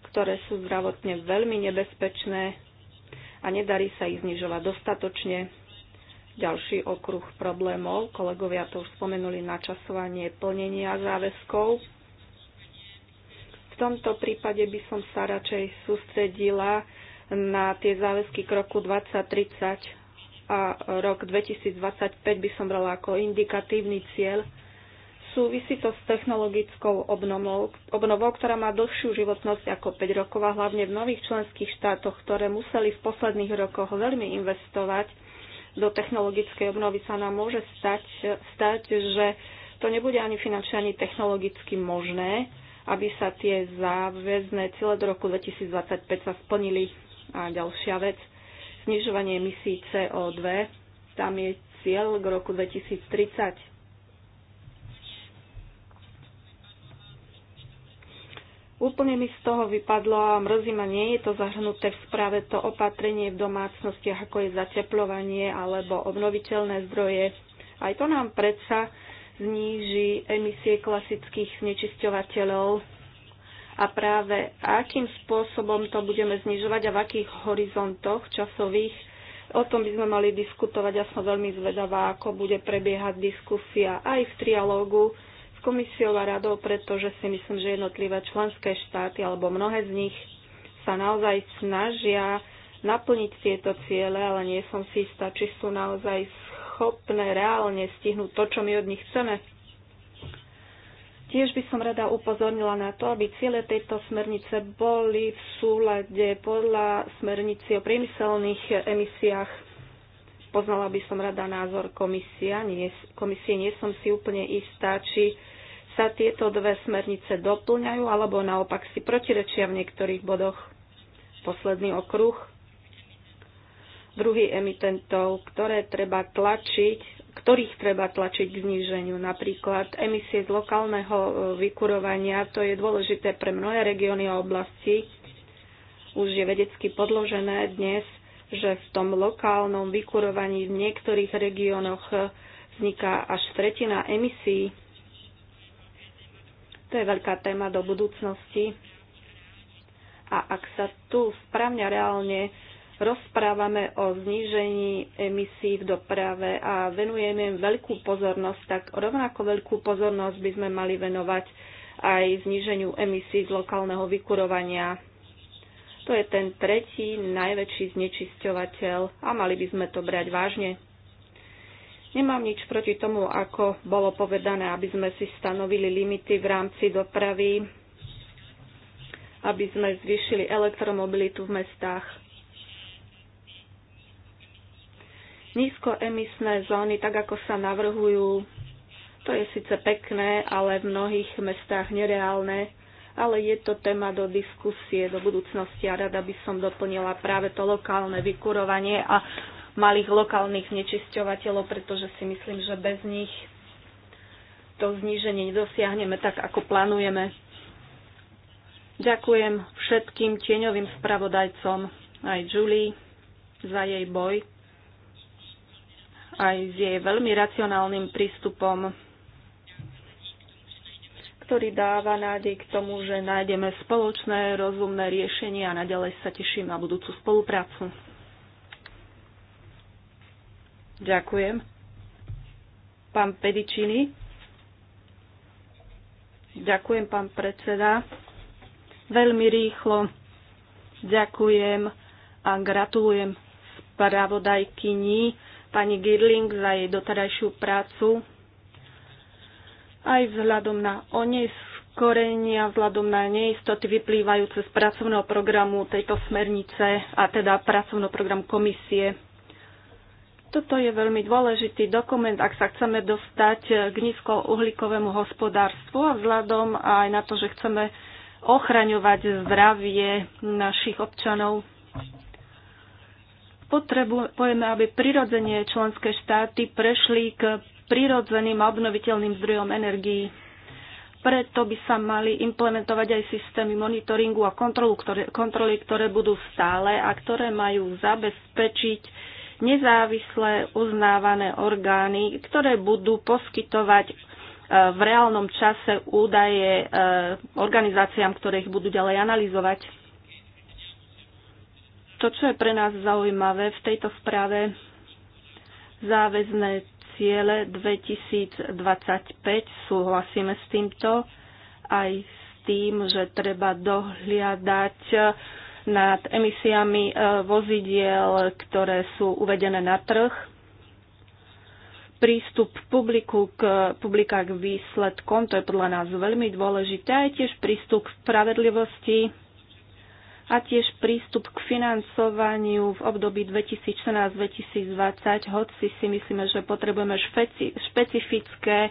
ktoré sú zdravotne veľmi nebezpečné a nedarí sa ich znižovať dostatočne. Ďalší okruh problémov, kolegovia to už spomenuli, načasovanie plnenia záväzkov. V tomto prípade by som sa radšej sústredila na tie záväzky k roku 2030 a rok 2025 by som brala ako indikatívny cieľ. Súvisí to s technologickou obnovou, obnovou, ktorá má dlhšiu životnosť ako 5 rokov a hlavne v nových členských štátoch, ktoré museli v posledných rokoch veľmi investovať do technologickej obnovy, sa nám môže stať, stať že to nebude ani finančne, ani technologicky možné, aby sa tie záväzné cíle do roku 2025 sa splnili. A ďalšia vec, znižovanie emisí CO2. Tam je cieľ k roku 2030. Úplne mi z toho vypadlo a mrzí ma, nie je to zahrnuté v správe to opatrenie v domácnostiach, ako je zateplovanie alebo obnoviteľné zdroje. Aj to nám predsa zníži emisie klasických znečisťovateľov a práve akým spôsobom to budeme znižovať a v akých horizontoch časových. O tom by sme mali diskutovať ja som veľmi zvedavá, ako bude prebiehať diskusia aj v trialógu s komisiou a radou, pretože si myslím, že jednotlivé členské štáty alebo mnohé z nich sa naozaj snažia naplniť tieto ciele, ale nie som si istá, či sú naozaj schopné reálne stihnúť to, čo my od nich chceme. Tiež by som rada upozornila na to, aby ciele tejto smernice boli v súlade podľa smernici o priemyselných emisiách. Poznala by som rada názor komisia. Nie, komisie nie som si úplne istá, či sa tieto dve smernice doplňajú, alebo naopak si protirečia v niektorých bodoch. Posledný okruh druhý emitentov, ktoré treba tlačiť ktorých treba tlačiť k zníženiu. Napríklad emisie z lokálneho e, vykurovania, to je dôležité pre mnohé regióny a oblasti. Už je vedecky podložené dnes, že v tom lokálnom vykurovaní v niektorých regiónoch e, vzniká až tretina emisí. To je veľká téma do budúcnosti. A ak sa tu správne reálne rozprávame o znížení emisí v doprave a venujeme im veľkú pozornosť, tak rovnako veľkú pozornosť by sme mali venovať aj zníženiu emisí z lokálneho vykurovania. To je ten tretí najväčší znečisťovateľ a mali by sme to brať vážne. Nemám nič proti tomu, ako bolo povedané, aby sme si stanovili limity v rámci dopravy, aby sme zvýšili elektromobilitu v mestách Nízkoemisné zóny, tak ako sa navrhujú, to je síce pekné, ale v mnohých mestách nereálne, ale je to téma do diskusie do budúcnosti a rada by som doplnila práve to lokálne vykurovanie a malých lokálnych nečisťovateľov, pretože si myslím, že bez nich to zníženie nedosiahneme tak, ako plánujeme. Ďakujem všetkým tieňovým spravodajcom, aj Julie, za jej boj aj s jej veľmi racionálnym prístupom, ktorý dáva nádej k tomu, že nájdeme spoločné rozumné riešenie a naďalej sa teším na budúcu spoluprácu. Ďakujem. Pán Pedičiny. Ďakujem, pán predseda. Veľmi rýchlo ďakujem a gratulujem spravodajkyni pani Girling za jej doterajšiu prácu aj vzhľadom na oneskorenia, vzhľadom na neistoty vyplývajúce z pracovného programu tejto smernice a teda pracovného programu komisie. Toto je veľmi dôležitý dokument, ak sa chceme dostať k nízkouhlíkovému hospodárstvu a vzhľadom aj na to, že chceme ochraňovať zdravie našich občanov potrebujeme, aby prirodzene členské štáty prešli k prirodzeným a obnoviteľným zdrojom energií. Preto by sa mali implementovať aj systémy monitoringu a kontrolu, ktoré, kontroly, ktoré budú stále a ktoré majú zabezpečiť nezávislé uznávané orgány, ktoré budú poskytovať e, v reálnom čase údaje e, organizáciám, ktoré ich budú ďalej analyzovať. To, čo je pre nás zaujímavé v tejto správe, záväzné ciele 2025, súhlasíme s týmto, aj s tým, že treba dohliadať nad emisiami e, vozidiel, ktoré sú uvedené na trh. Prístup publiku k, publika k výsledkom, to je podľa nás veľmi dôležité, aj tiež prístup k spravedlivosti a tiež prístup k financovaniu v období 2014-2020, hoci si myslíme, že potrebujeme špeci- špecifické e,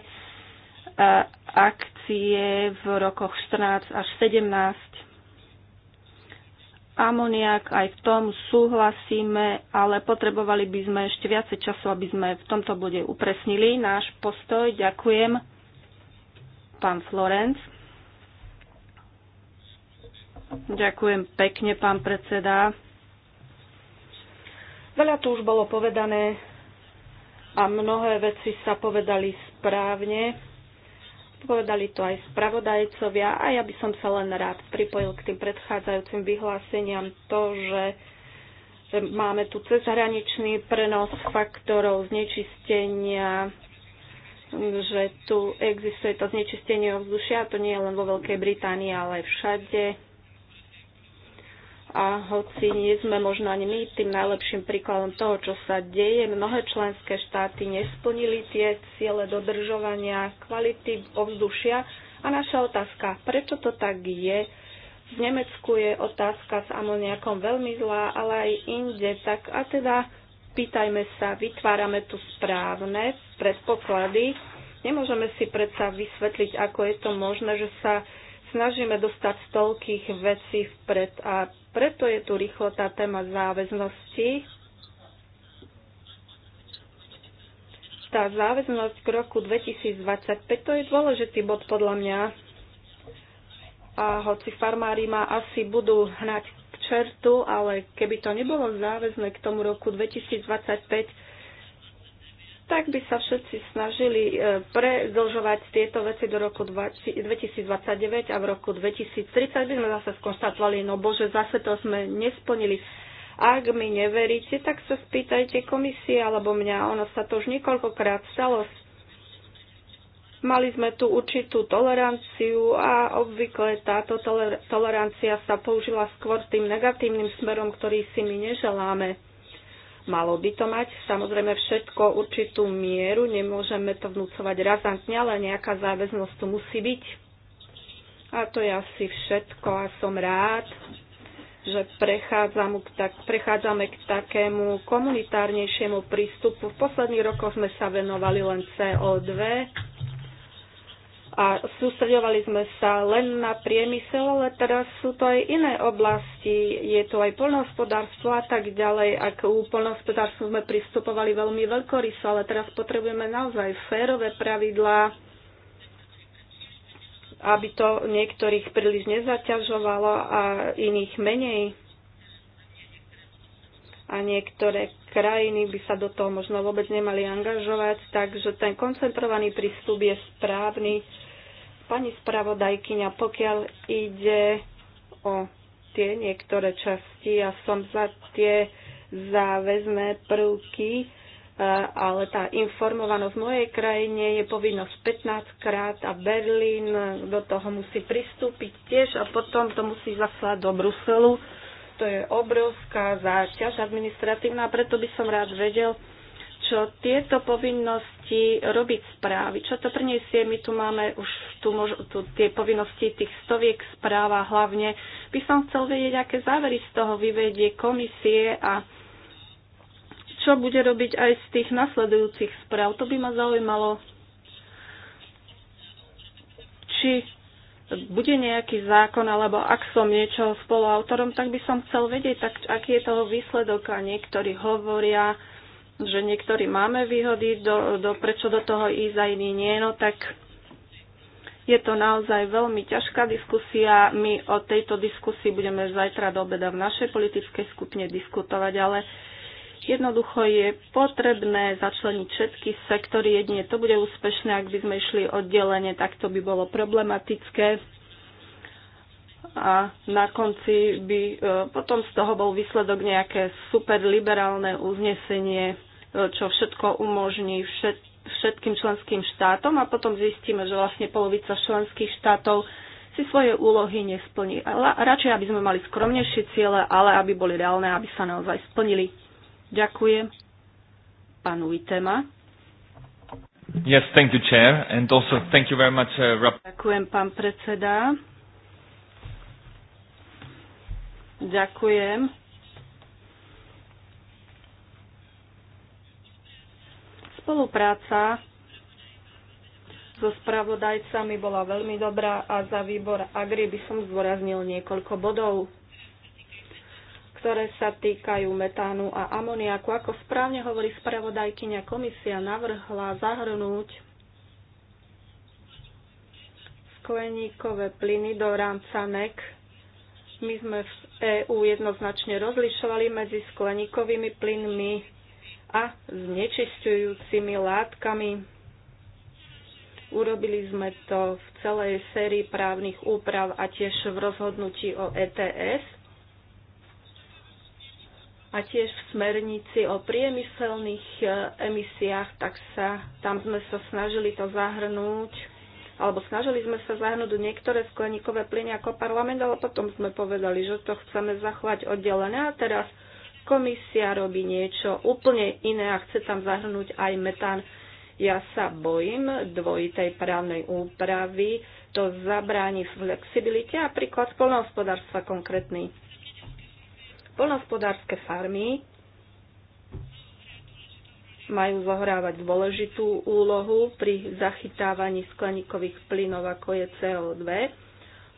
akcie v rokoch 14 až 17. Amoniak aj v tom súhlasíme, ale potrebovali by sme ešte viacej času, aby sme v tomto bode upresnili náš postoj. Ďakujem. Pán Florenc. Ďakujem pekne, pán predseda. Veľa tu už bolo povedané a mnohé veci sa povedali správne. Povedali to aj spravodajcovia a ja by som sa len rád pripojil k tým predchádzajúcim vyhláseniam to, že, že máme tu cezhraničný prenos faktorov znečistenia, že tu existuje to znečistenie ovzdušia, to nie je len vo Veľkej Británii, ale všade a hoci nie sme možno ani my tým najlepším príkladom toho, čo sa deje, mnohé členské štáty nesplnili tie ciele dodržovania kvality ovzdušia. A naša otázka, prečo to tak je? V Nemecku je otázka s amoniakom veľmi zlá, ale aj inde. Tak a teda pýtajme sa, vytvárame tu správne predpoklady. Nemôžeme si predsa vysvetliť, ako je to možné, že sa snažíme dostať z toľkých vecí vpred a preto je tu rýchlo tá téma záväznosti. Tá záväznosť k roku 2025, to je dôležitý bod podľa mňa. A hoci farmári ma asi budú hnať k čertu, ale keby to nebolo záväzné k tomu roku 2025, tak by sa všetci snažili e, predlžovať tieto veci do roku 2029 a v roku 2030 by sme zase skonštatovali, no bože, zase to sme nesplnili. Ak mi neveríte, tak sa spýtajte komisie alebo mňa, ono sa to už niekoľkokrát stalo. Mali sme tu určitú toleranciu a obvykle táto tolerancia sa použila skôr tým negatívnym smerom, ktorý si my neželáme Malo by to mať samozrejme všetko určitú mieru, nemôžeme to vnúcovať razantne, ale nejaká záväznosť tu musí byť. A to je asi všetko a som rád, že prechádzam k tak, prechádzame k takému komunitárnejšiemu prístupu. V posledných rokoch sme sa venovali len CO2 a sústredovali sme sa len na priemysel, ale teraz sú to aj iné oblasti, je to aj poľnohospodárstvo a tak ďalej. Ak u poľnohospodárstvu sme pristupovali veľmi veľkoryso, ale teraz potrebujeme naozaj férové pravidlá, aby to niektorých príliš nezaťažovalo a iných menej. A niektoré krajiny by sa do toho možno vôbec nemali angažovať, takže ten koncentrovaný prístup je správny Pani spravodajkyňa, pokiaľ ide o tie niektoré časti, ja som za tie záväzné prvky, e, ale tá informovanosť v mojej krajine je povinnosť 15 krát a Berlín do toho musí pristúpiť tiež a potom to musí zaslať do Bruselu. To je obrovská záťaž administratívna, preto by som rád vedel, čo tieto povinnosti robiť správy, čo to priniesie, my tu máme už tu, mož, tu tie povinnosti tých stoviek správa hlavne by som chcel vedieť, aké závery z toho vyvedie komisie a čo bude robiť aj z tých nasledujúcich správ. To by ma zaujímalo, či bude nejaký zákon, alebo ak som niečo spoluautorom, tak by som chcel vedieť, tak, aký je toho výsledok. A niektorí hovoria, že niektorí máme výhody, do, do, prečo do toho ísť a iní nie, no tak je to naozaj veľmi ťažká diskusia. My o tejto diskusii budeme zajtra do obeda v našej politickej skupine diskutovať, ale jednoducho je potrebné začleniť všetky sektory. Jedine to bude úspešné, ak by sme išli oddelenie, tak to by bolo problematické a na konci by e, potom z toho bol výsledok nejaké superliberálne uznesenie čo všetko umožní všetkým členským štátom a potom zistíme, že vlastne polovica členských štátov si svoje úlohy nesplní. Radšej, aby sme mali skromnejšie ciele, ale aby boli reálne, aby sa naozaj splnili. Ďakujem. Pán Uitema. Yes, thank you, Chair, and also thank you very much, uh, Ďakujem, pán predseda. Ďakujem Spolupráca so spravodajcami bola veľmi dobrá a za výbor Agri by som zdôraznil niekoľko bodov, ktoré sa týkajú metánu a amoniaku. Ako správne hovorí spravodajkyňa, komisia navrhla zahrnúť skleníkové plyny do rámca NEC. My sme v EÚ jednoznačne rozlišovali medzi skleníkovými plynmi a znečisťujúcimi látkami. Urobili sme to v celej sérii právnych úprav a tiež v rozhodnutí o ETS a tiež v smernici o priemyselných e, emisiách, tak sa, tam sme sa snažili to zahrnúť, alebo snažili sme sa zahrnúť niektoré skleníkové plyny ako parlament, ale potom sme povedali, že to chceme zachovať oddelené a teraz Komisia robí niečo úplne iné a chce tam zahrnúť aj metán. Ja sa bojím dvojitej právnej úpravy. To zabráni flexibilite a príklad polnohospodárstva konkrétny. Polnohospodárske farmy majú zohrávať dôležitú úlohu pri zachytávaní skleníkových plynov, ako je CO2.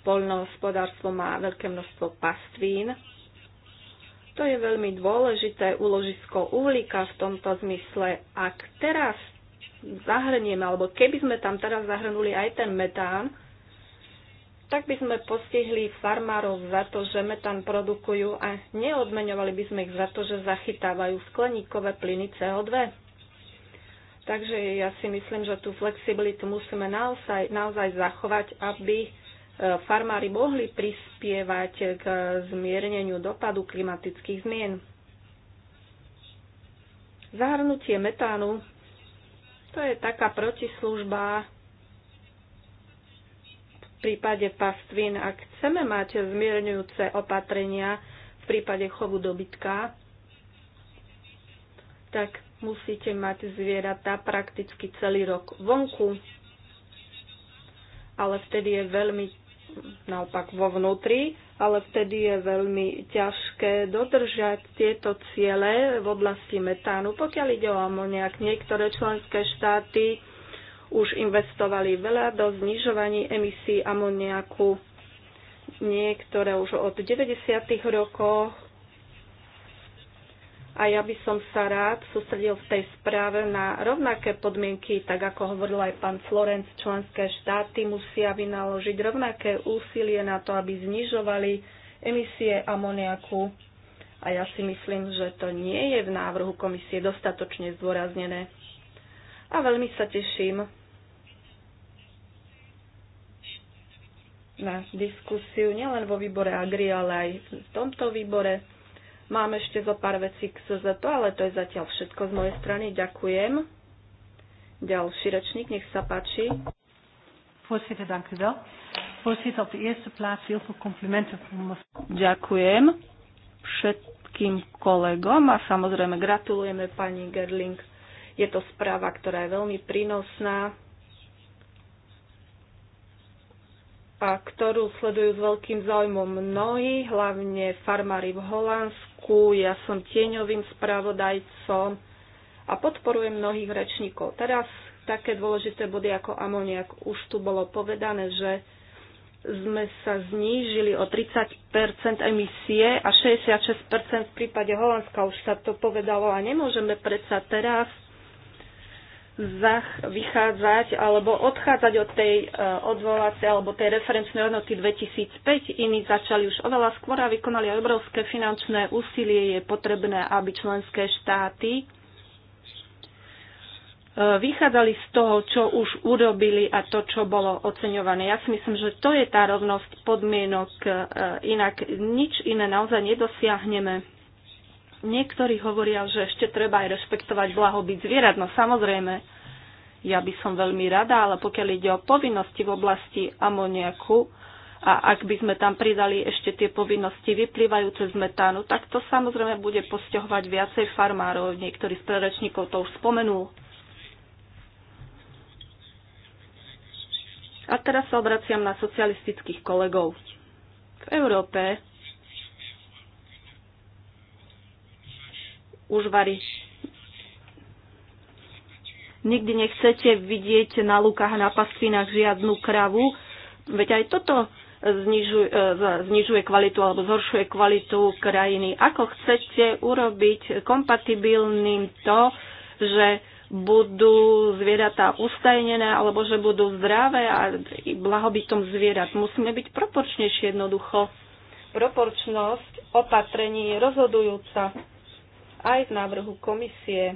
Polnohospodárstvo má veľké množstvo pastvín to je veľmi dôležité úložisko uhlíka v tomto zmysle. Ak teraz zahrnieme, alebo keby sme tam teraz zahrnuli aj ten metán, tak by sme postihli farmárov za to, že metán produkujú a neodmeňovali by sme ich za to, že zachytávajú skleníkové plyny CO2. Takže ja si myslím, že tú flexibilitu musíme naozaj, naozaj zachovať, aby E, farmári mohli prispievať k zmierneniu dopadu klimatických zmien. Zahrnutie metánu to je taká protislužba v prípade pastvín. Ak chceme mať zmierňujúce opatrenia v prípade chovu dobytka, tak musíte mať zvieratá prakticky celý rok vonku. Ale vtedy je veľmi naopak vo vnútri, ale vtedy je veľmi ťažké dodržať tieto ciele v oblasti metánu. Pokiaľ ide o amoniak, niektoré členské štáty už investovali veľa do znižovaní emisí amoniaku. Niektoré už od 90. rokov a ja by som sa rád sústredil v tej správe na rovnaké podmienky, tak ako hovoril aj pán Florenc, členské štáty musia vynaložiť rovnaké úsilie na to, aby znižovali emisie amoniaku. A ja si myslím, že to nie je v návrhu komisie dostatočne zdôraznené. A veľmi sa teším na diskusiu nielen vo výbore Agri, ale aj v tomto výbore Mám ešte zo pár vecí k SZP, ale to je zatiaľ všetko z mojej strany. Ďakujem. Ďalší rečník, nech sa páči. Voorzitter, dank u wel. Voorzitter, op de eerste plaats heel veel complimenten voor Ďakujem všetkým kolegom a samozrejme gratulujeme pani Gerling. Je to správa, ktorá je veľmi prínosná a ktorú sledujú s veľkým záujmom mnohí, hlavne farmári v Holandsku Facebooku, ja som tieňovým spravodajcom a podporujem mnohých rečníkov. Teraz také dôležité body ako amoniak. Už tu bolo povedané, že sme sa znížili o 30 emisie a 66 v prípade Holandska už sa to povedalo a nemôžeme predsa teraz zach- vychádzať alebo odchádzať od tej e, odvolacej alebo tej referenčnej hodnoty 2005. Iní začali už oveľa skôr a vykonali aj obrovské finančné úsilie. Je potrebné, aby členské štáty e, vychádzali z toho, čo už urobili a to, čo bolo oceňované. Ja si myslím, že to je tá rovnosť podmienok, e, inak nič iné naozaj nedosiahneme. Niektorí hovoria, že ešte treba aj rešpektovať blahobyt zvierat. No samozrejme, ja by som veľmi rada, ale pokiaľ ide o povinnosti v oblasti amoniaku a ak by sme tam pridali ešte tie povinnosti vyplývajúce z metánu, tak to samozrejme bude posťahovať viacej farmárov. Niektorí z prerečníkov to už spomenul. A teraz sa obraciam na socialistických kolegov. V Európe užvary. Nikdy nechcete vidieť na lukách, na pastvinách žiadnu kravu, veď aj toto znižuje, e, znižuje kvalitu alebo zhoršuje kvalitu krajiny. Ako chcete urobiť kompatibilným to, že budú zvieratá ustajnené alebo že budú zdravé a blahobytom zvierat. Musíme byť proporčnejšie jednoducho. Proporčnosť opatrení je rozhodujúca aj v návrhu komisie.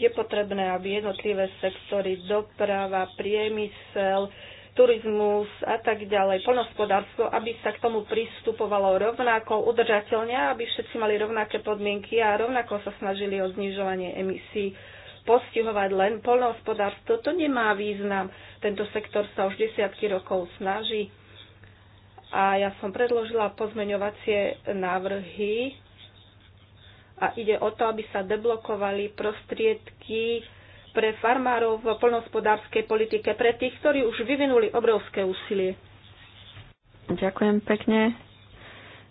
Je potrebné, aby jednotlivé sektory, doprava, priemysel, turizmus a tak ďalej, plnospodárstvo, aby sa k tomu pristupovalo rovnako udržateľne, aby všetci mali rovnaké podmienky a rovnako sa snažili o znižovanie emisí postihovať len polnohospodárstvo. To nemá význam. Tento sektor sa už desiatky rokov snaží. A ja som predložila pozmeňovacie návrhy a ide o to, aby sa deblokovali prostriedky pre farmárov v poľnohospodárskej politike, pre tých, ktorí už vyvinuli obrovské úsilie. Ďakujem pekne.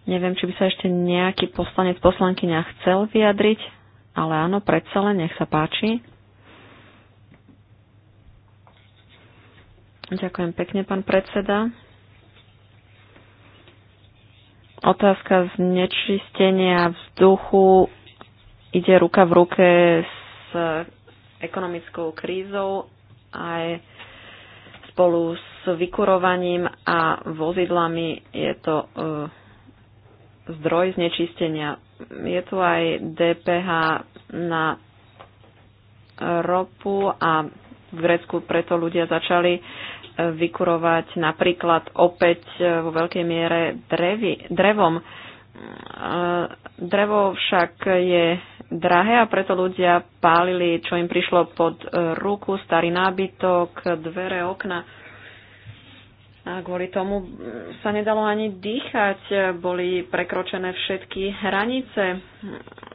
Neviem, či by sa ešte nejaký poslanec poslankyňa chcel vyjadriť, ale áno, predsa len, nech sa páči. Ďakujem pekne, pán predseda. Otázka znečistenia vzduchu ide ruka v ruke s ekonomickou krízou aj spolu s vykurovaním a vozidlami je to e, zdroj znečistenia. Je tu aj DPH na ropu a v Grécku preto ľudia začali e, vykurovať napríklad opäť e, vo veľkej miere drevi, drevom. Drevo však je drahé a preto ľudia pálili, čo im prišlo pod e, ruku, starý nábytok, dvere, okna. A kvôli tomu mm, sa nedalo ani dýchať, e, boli prekročené všetky hranice.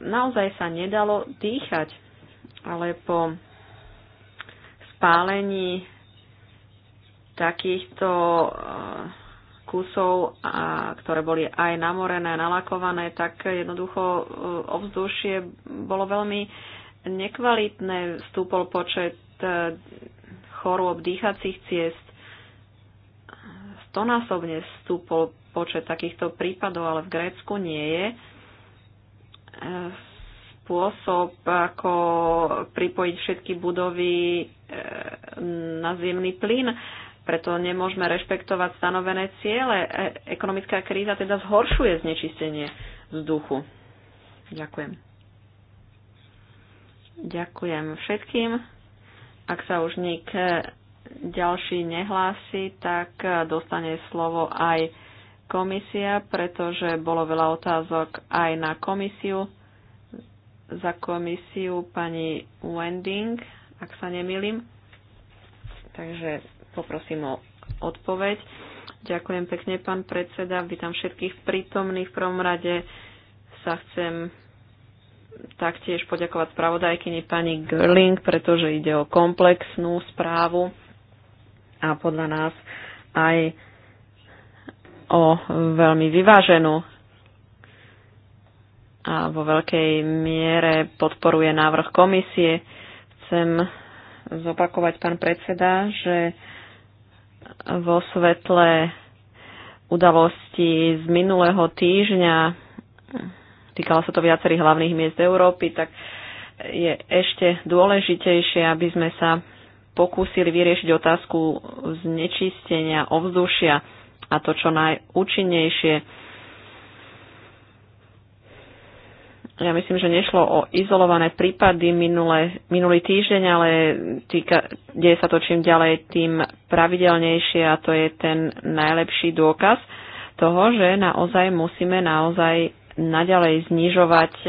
Naozaj sa nedalo dýchať, ale po spálení takýchto e, kusov, a, ktoré boli aj namorené, nalakované, tak jednoducho e, ovzdušie bolo veľmi nekvalitné. vstúpol počet e, chorôb dýchacích ciest. Stonásobne vstúpol počet takýchto prípadov, ale v Grécku nie je e, spôsob, ako pripojiť všetky budovy na zemný plyn. Preto nemôžeme rešpektovať stanovené ciele. E, ekonomická kríza teda zhoršuje znečistenie vzduchu. Ďakujem. Ďakujem všetkým. Ak sa už nik e, ďalší nehlási, tak e, dostane slovo aj komisia, pretože bolo veľa otázok aj na komisiu. Za komisiu pani Wending, ak sa nemýlim. Takže Poprosím o odpoveď. Ďakujem pekne, pán predseda. Vítam všetkých prítomných. V prvom rade sa chcem taktiež poďakovať spravodajkyni pani Görling, pretože ide o komplexnú správu a podľa nás aj o veľmi vyváženú a vo veľkej miere podporuje návrh komisie. Chcem zopakovať, pán predseda, že vo svetle udalosti z minulého týždňa, týkalo sa to viacerých hlavných miest Európy, tak je ešte dôležitejšie, aby sme sa pokúsili vyriešiť otázku znečistenia ovzdušia a to čo najúčinnejšie ja myslím, že nešlo o izolované prípady minule, minulý týždeň, ale týka, deje sa to čím ďalej, tým pravidelnejšie a to je ten najlepší dôkaz toho, že naozaj musíme naozaj naďalej znižovať e,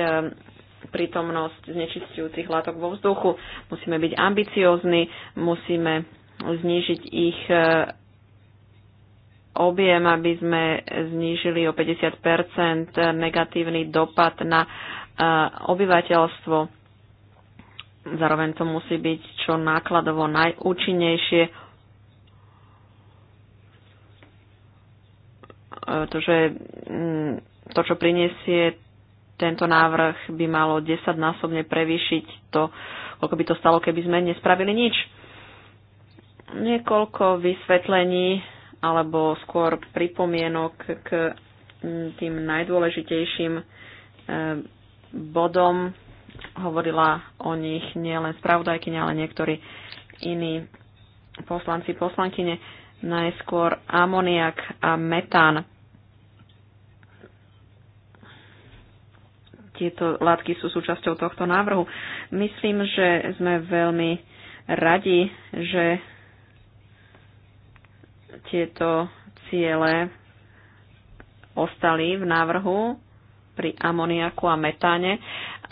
prítomnosť znečistujúcich látok vo vzduchu. Musíme byť ambiciózni, musíme znížiť ich e, objem, aby sme znížili o 50 negatívny dopad na e, obyvateľstvo. Zároveň to musí byť čo nákladovo najúčinnejšie. E, to, že to, čo prinesie tento návrh, by malo desaťnásobne prevýšiť to, koľko by to stalo, keby sme nespravili nič. Niekoľko vysvetlení alebo skôr pripomienok k tým najdôležitejším eh, bodom. Hovorila o nich nielen spravodajkyňa, ale niektorí iní poslanci, poslankyne. Najskôr amoniak a metán. Tieto látky sú súčasťou tohto návrhu. Myslím, že sme veľmi radi, že tieto ciele ostali v návrhu pri amoniaku a metáne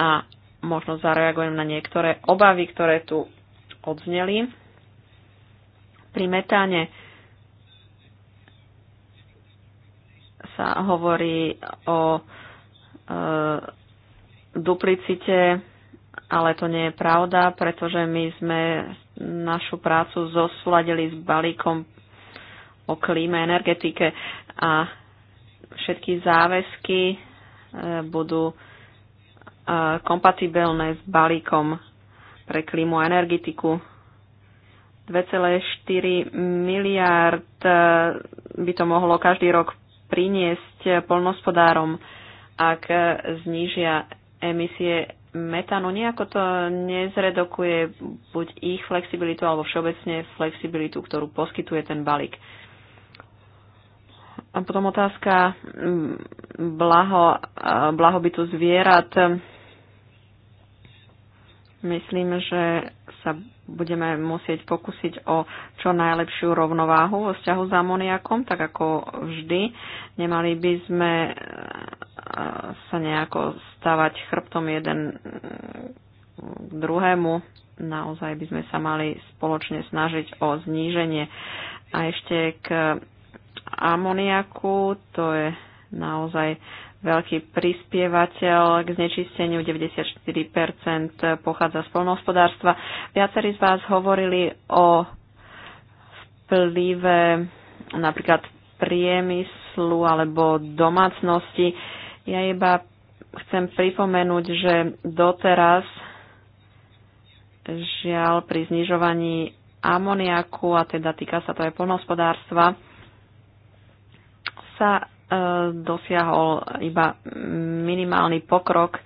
a možno zareagujem na niektoré obavy, ktoré tu odzneli. Pri metáne sa hovorí o e, duplicite, ale to nie je pravda, pretože my sme našu prácu zosúladili s balíkom o klíme, energetike a všetky záväzky e, budú e, kompatibilné s balíkom pre klímu a energetiku. 2,4 miliard e, by to mohlo každý rok priniesť polnospodárom, ak znížia emisie metánu. Nejako to nezredokuje buď ich flexibilitu alebo všeobecne flexibilitu, ktorú poskytuje ten balík. A potom otázka mm, blaho, blahobytu zvierat. Myslím, že sa budeme musieť pokúsiť o čo najlepšiu rovnováhu vo vzťahu s amoniakom, tak ako vždy. Nemali by sme e, sa nejako stavať chrbtom jeden mm, k druhému. Naozaj by sme sa mali spoločne snažiť o zníženie. A ešte k amoniaku, to je naozaj veľký prispievateľ k znečisteniu, 94% pochádza z polnohospodárstva. Viacerí z vás hovorili o vplyve napríklad priemyslu alebo domácnosti. Ja iba chcem pripomenúť, že doteraz žiaľ pri znižovaní amoniaku, a teda týka sa to aj polnohospodárstva, sa e, dosiahol iba minimálny pokrok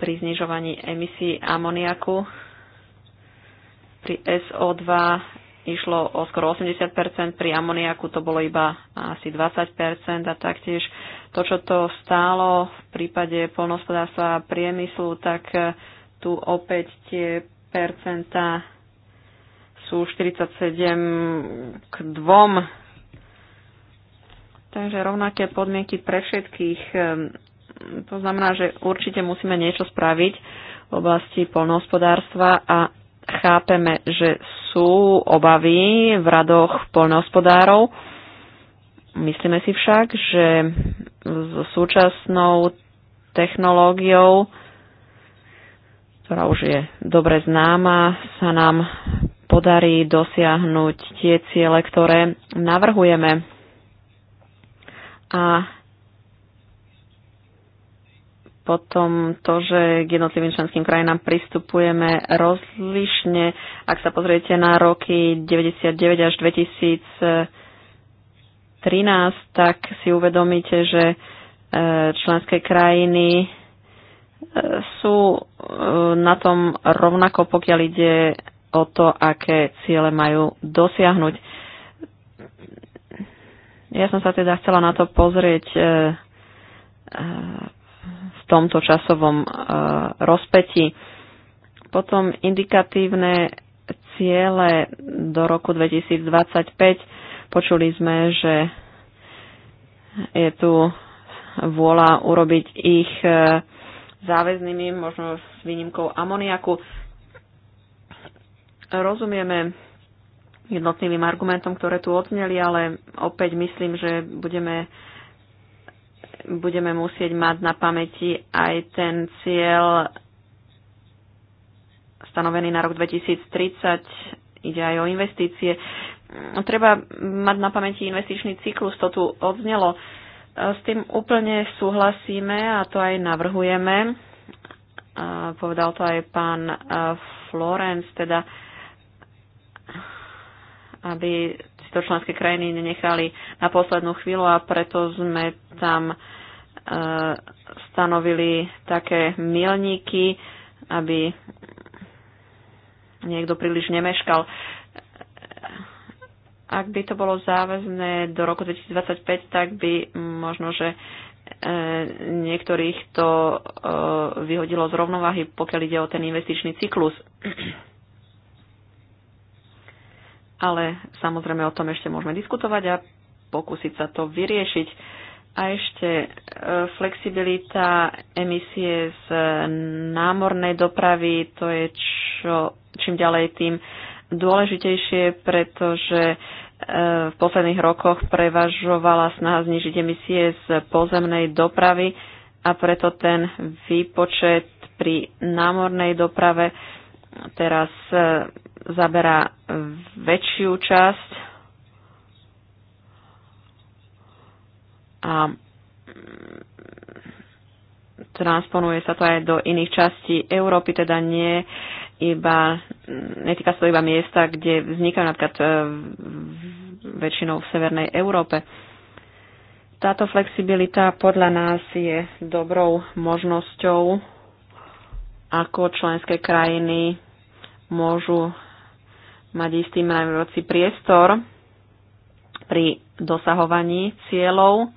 pri znižovaní emisí amoniaku. Pri SO2 išlo o skoro 80%, pri amoniaku to bolo iba asi 20% a taktiež to, čo to stálo v prípade polnospodárstva a priemyslu, tak e, tu opäť tie percenta sú 47 k 2 Takže rovnaké podmienky pre všetkých. Ehm, to znamená, že určite musíme niečo spraviť v oblasti polnohospodárstva a chápeme, že sú obavy v radoch polnohospodárov. Myslíme si však, že so súčasnou technológiou, ktorá už je dobre známa, sa nám podarí dosiahnuť tie ciele, ktoré navrhujeme a potom to, že k jednotlivým členským krajinám pristupujeme rozlišne. Ak sa pozriete na roky 99 až 2013, tak si uvedomíte, že e, členské krajiny e, sú e, na tom rovnako, pokiaľ ide o to, aké ciele majú dosiahnuť. Ja som sa teda chcela na to pozrieť e, e, v tomto časovom e, rozpetí. Potom indikatívne ciele do roku 2025. Počuli sme, že je tu vôľa urobiť ich záväznými, možno s výnimkou amoniaku. Rozumieme jednotlivým argumentom, ktoré tu odzneli, ale opäť myslím, že budeme, budeme musieť mať na pamäti aj ten cieľ stanovený na rok 2030. Ide aj o investície. Treba mať na pamäti investičný cyklus, to tu odznelo. S tým úplne súhlasíme a to aj navrhujeme. Povedal to aj pán Florence, teda aby si to členské krajiny nenechali na poslednú chvíľu a preto sme tam e, stanovili také milníky, aby niekto príliš nemeškal. Ak by to bolo záväzné do roku 2025, tak by možno, že e, niektorých to e, vyhodilo z rovnováhy, pokiaľ ide o ten investičný cyklus ale samozrejme o tom ešte môžeme diskutovať a pokúsiť sa to vyriešiť. A ešte e, flexibilita emisie z námornej dopravy, to je čo, čím ďalej tým dôležitejšie, pretože e, v posledných rokoch prevažovala snaha znižiť emisie z pozemnej dopravy a preto ten výpočet pri námornej doprave teraz e, zaberá väčšiu časť a mm, transponuje sa to aj do iných častí Európy, teda nie iba, mm, netýka sa to iba miesta, kde vznikajú napríklad e, väčšinou v Severnej Európe. Táto flexibilita podľa nás je dobrou možnosťou ako členské krajiny môžu mať istý mravujúci priestor pri dosahovaní cieľov.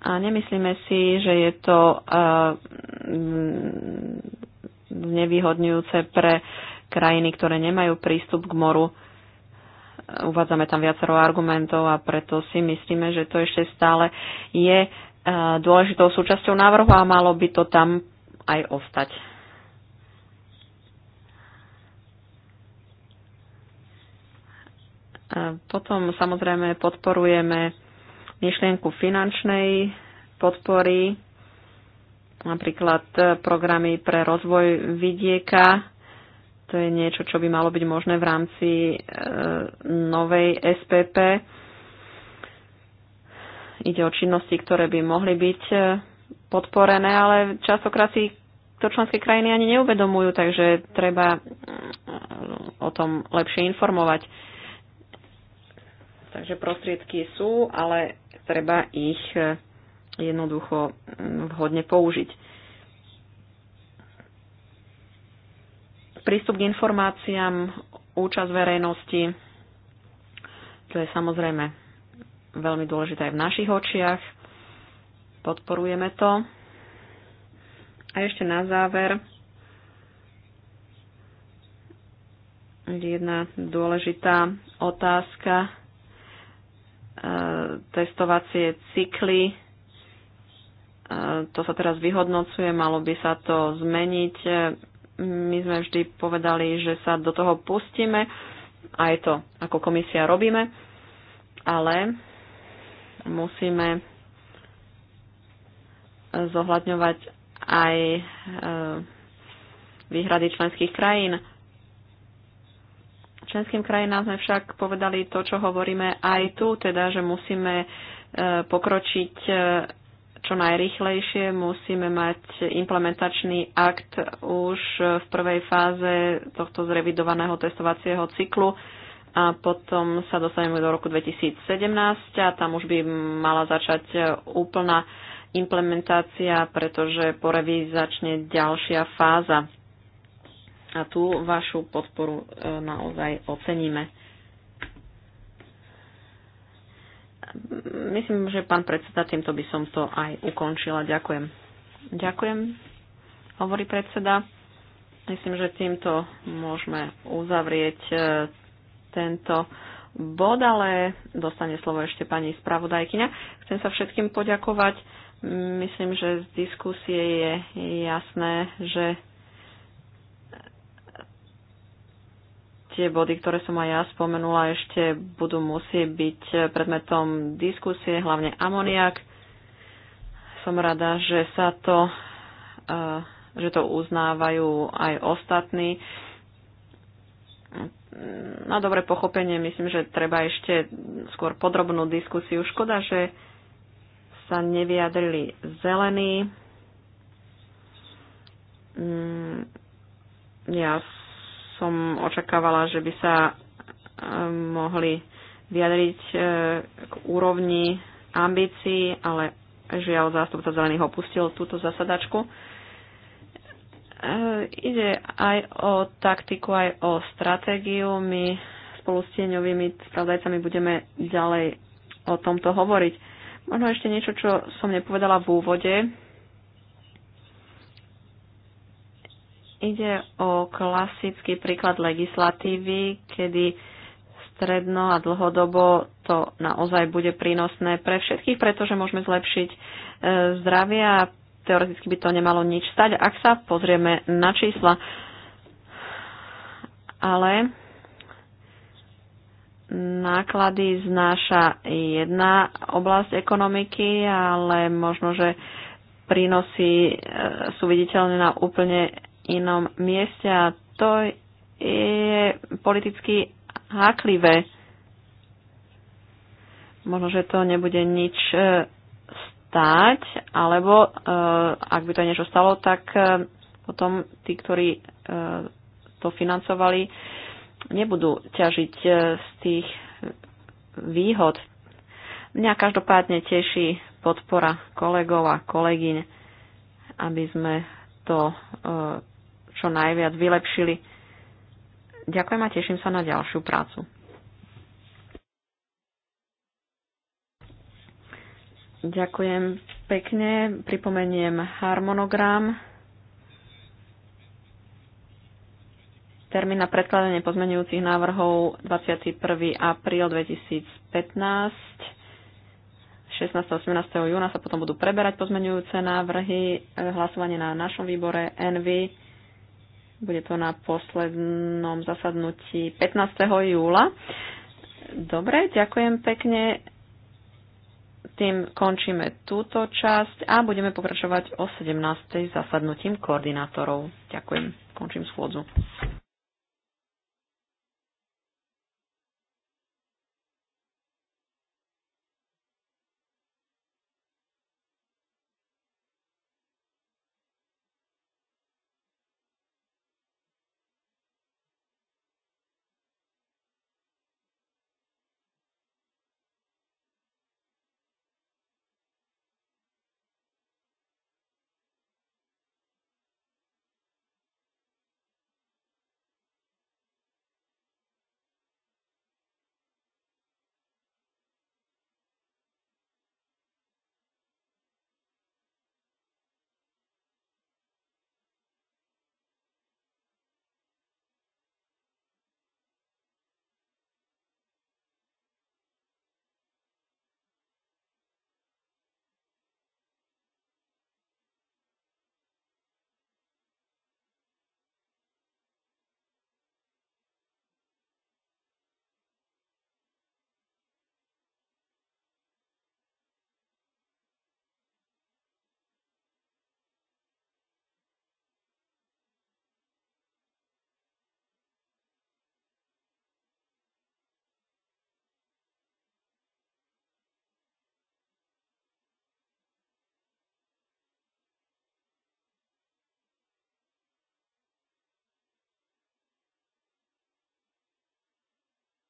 A nemyslíme si, že je to uh, eh, nevýhodňujúce pre krajiny, ktoré nemajú prístup k moru. Uvádzame tam viacero argumentov a preto si myslíme, že to ešte stále je uh, dôležitou súčasťou návrhu a malo by to tam aj ostať. Potom samozrejme podporujeme myšlienku finančnej podpory, napríklad programy pre rozvoj vidieka. To je niečo, čo by malo byť možné v rámci e, novej SPP. Ide o činnosti, ktoré by mohli byť e, podporené, ale častokrát si to členské krajiny ani neuvedomujú, takže treba mm, o tom lepšie informovať. Takže prostriedky sú, ale treba ich e, jednoducho mm, vhodne použiť. Prístup k informáciám, účasť verejnosti, to je samozrejme veľmi dôležité aj v našich očiach podporujeme to. A ešte na záver jedna dôležitá otázka. E, testovacie cykly. E, to sa teraz vyhodnocuje, malo by sa to zmeniť. E, my sme vždy povedali, že sa do toho pustíme. Aj to ako komisia robíme. Ale musíme zohľadňovať aj e, výhrady členských krajín. Členským krajinám sme však povedali to, čo hovoríme aj tu, teda, že musíme e, pokročiť e, čo najrychlejšie, musíme mať implementačný akt už v prvej fáze tohto zrevidovaného testovacieho cyklu a potom sa dostaneme do roku 2017 a tam už by mala začať úplná implementácia, pretože po revízii začne ďalšia fáza. A tu vašu podporu e, naozaj oceníme. Myslím, že pán predseda, týmto by som to aj ukončila. Ďakujem. Ďakujem, hovorí predseda. Myslím, že týmto môžeme uzavrieť e, tento bod, ale dostane slovo ešte pani spravodajkyňa. Chcem sa všetkým poďakovať Myslím, že z diskusie je jasné, že tie body, ktoré som aj ja spomenula, ešte budú musieť byť predmetom diskusie, hlavne amoniak. Som rada, že sa to, eh, že to uznávajú aj ostatní. Na dobre pochopenie myslím, že treba ešte skôr podrobnú diskusiu. Škoda, že sa nevyjadrili zelení. Mm, ja som očakávala, že by sa e, mohli vyjadriť e, k úrovni ambícií, ale žiaľ zástupca zelených opustil túto zasadačku. E, ide aj o taktiku, aj o stratégiu. My spolu s tieňovými spravodajcami budeme ďalej o tomto hovoriť. Možno ešte niečo, čo som nepovedala v úvode. Ide o klasický príklad legislatívy, kedy stredno a dlhodobo to naozaj bude prínosné pre všetkých, pretože môžeme zlepšiť e, zdravie a teoreticky by to nemalo nič stať, ak sa pozrieme na čísla. Ale náklady znáša jedna oblasť ekonomiky, ale možno, že prínosy e, sú viditeľné na úplne inom mieste a to je politicky háklivé. Možno, že to nebude nič e, stáť, alebo e, ak by to niečo stalo, tak potom tí, ktorí to financovali, nebudú ťažiť e, z tých výhod. Mňa každopádne teší podpora kolegov a kolegyň, aby sme to e, čo najviac vylepšili. Ďakujem a teším sa na ďalšiu prácu. Ďakujem pekne. Pripomeniem harmonogram. Termín na predkladanie pozmenujúcich návrhov 21. apríl 2015. 16. a 18. júna sa potom budú preberať pozmenujúce návrhy. E, hlasovanie na našom výbore NV. Bude to na poslednom zasadnutí 15. júla. Dobre, ďakujem pekne. Tým končíme túto časť a budeme pokračovať o 17. zasadnutím koordinátorov. Ďakujem. Končím schôdzu.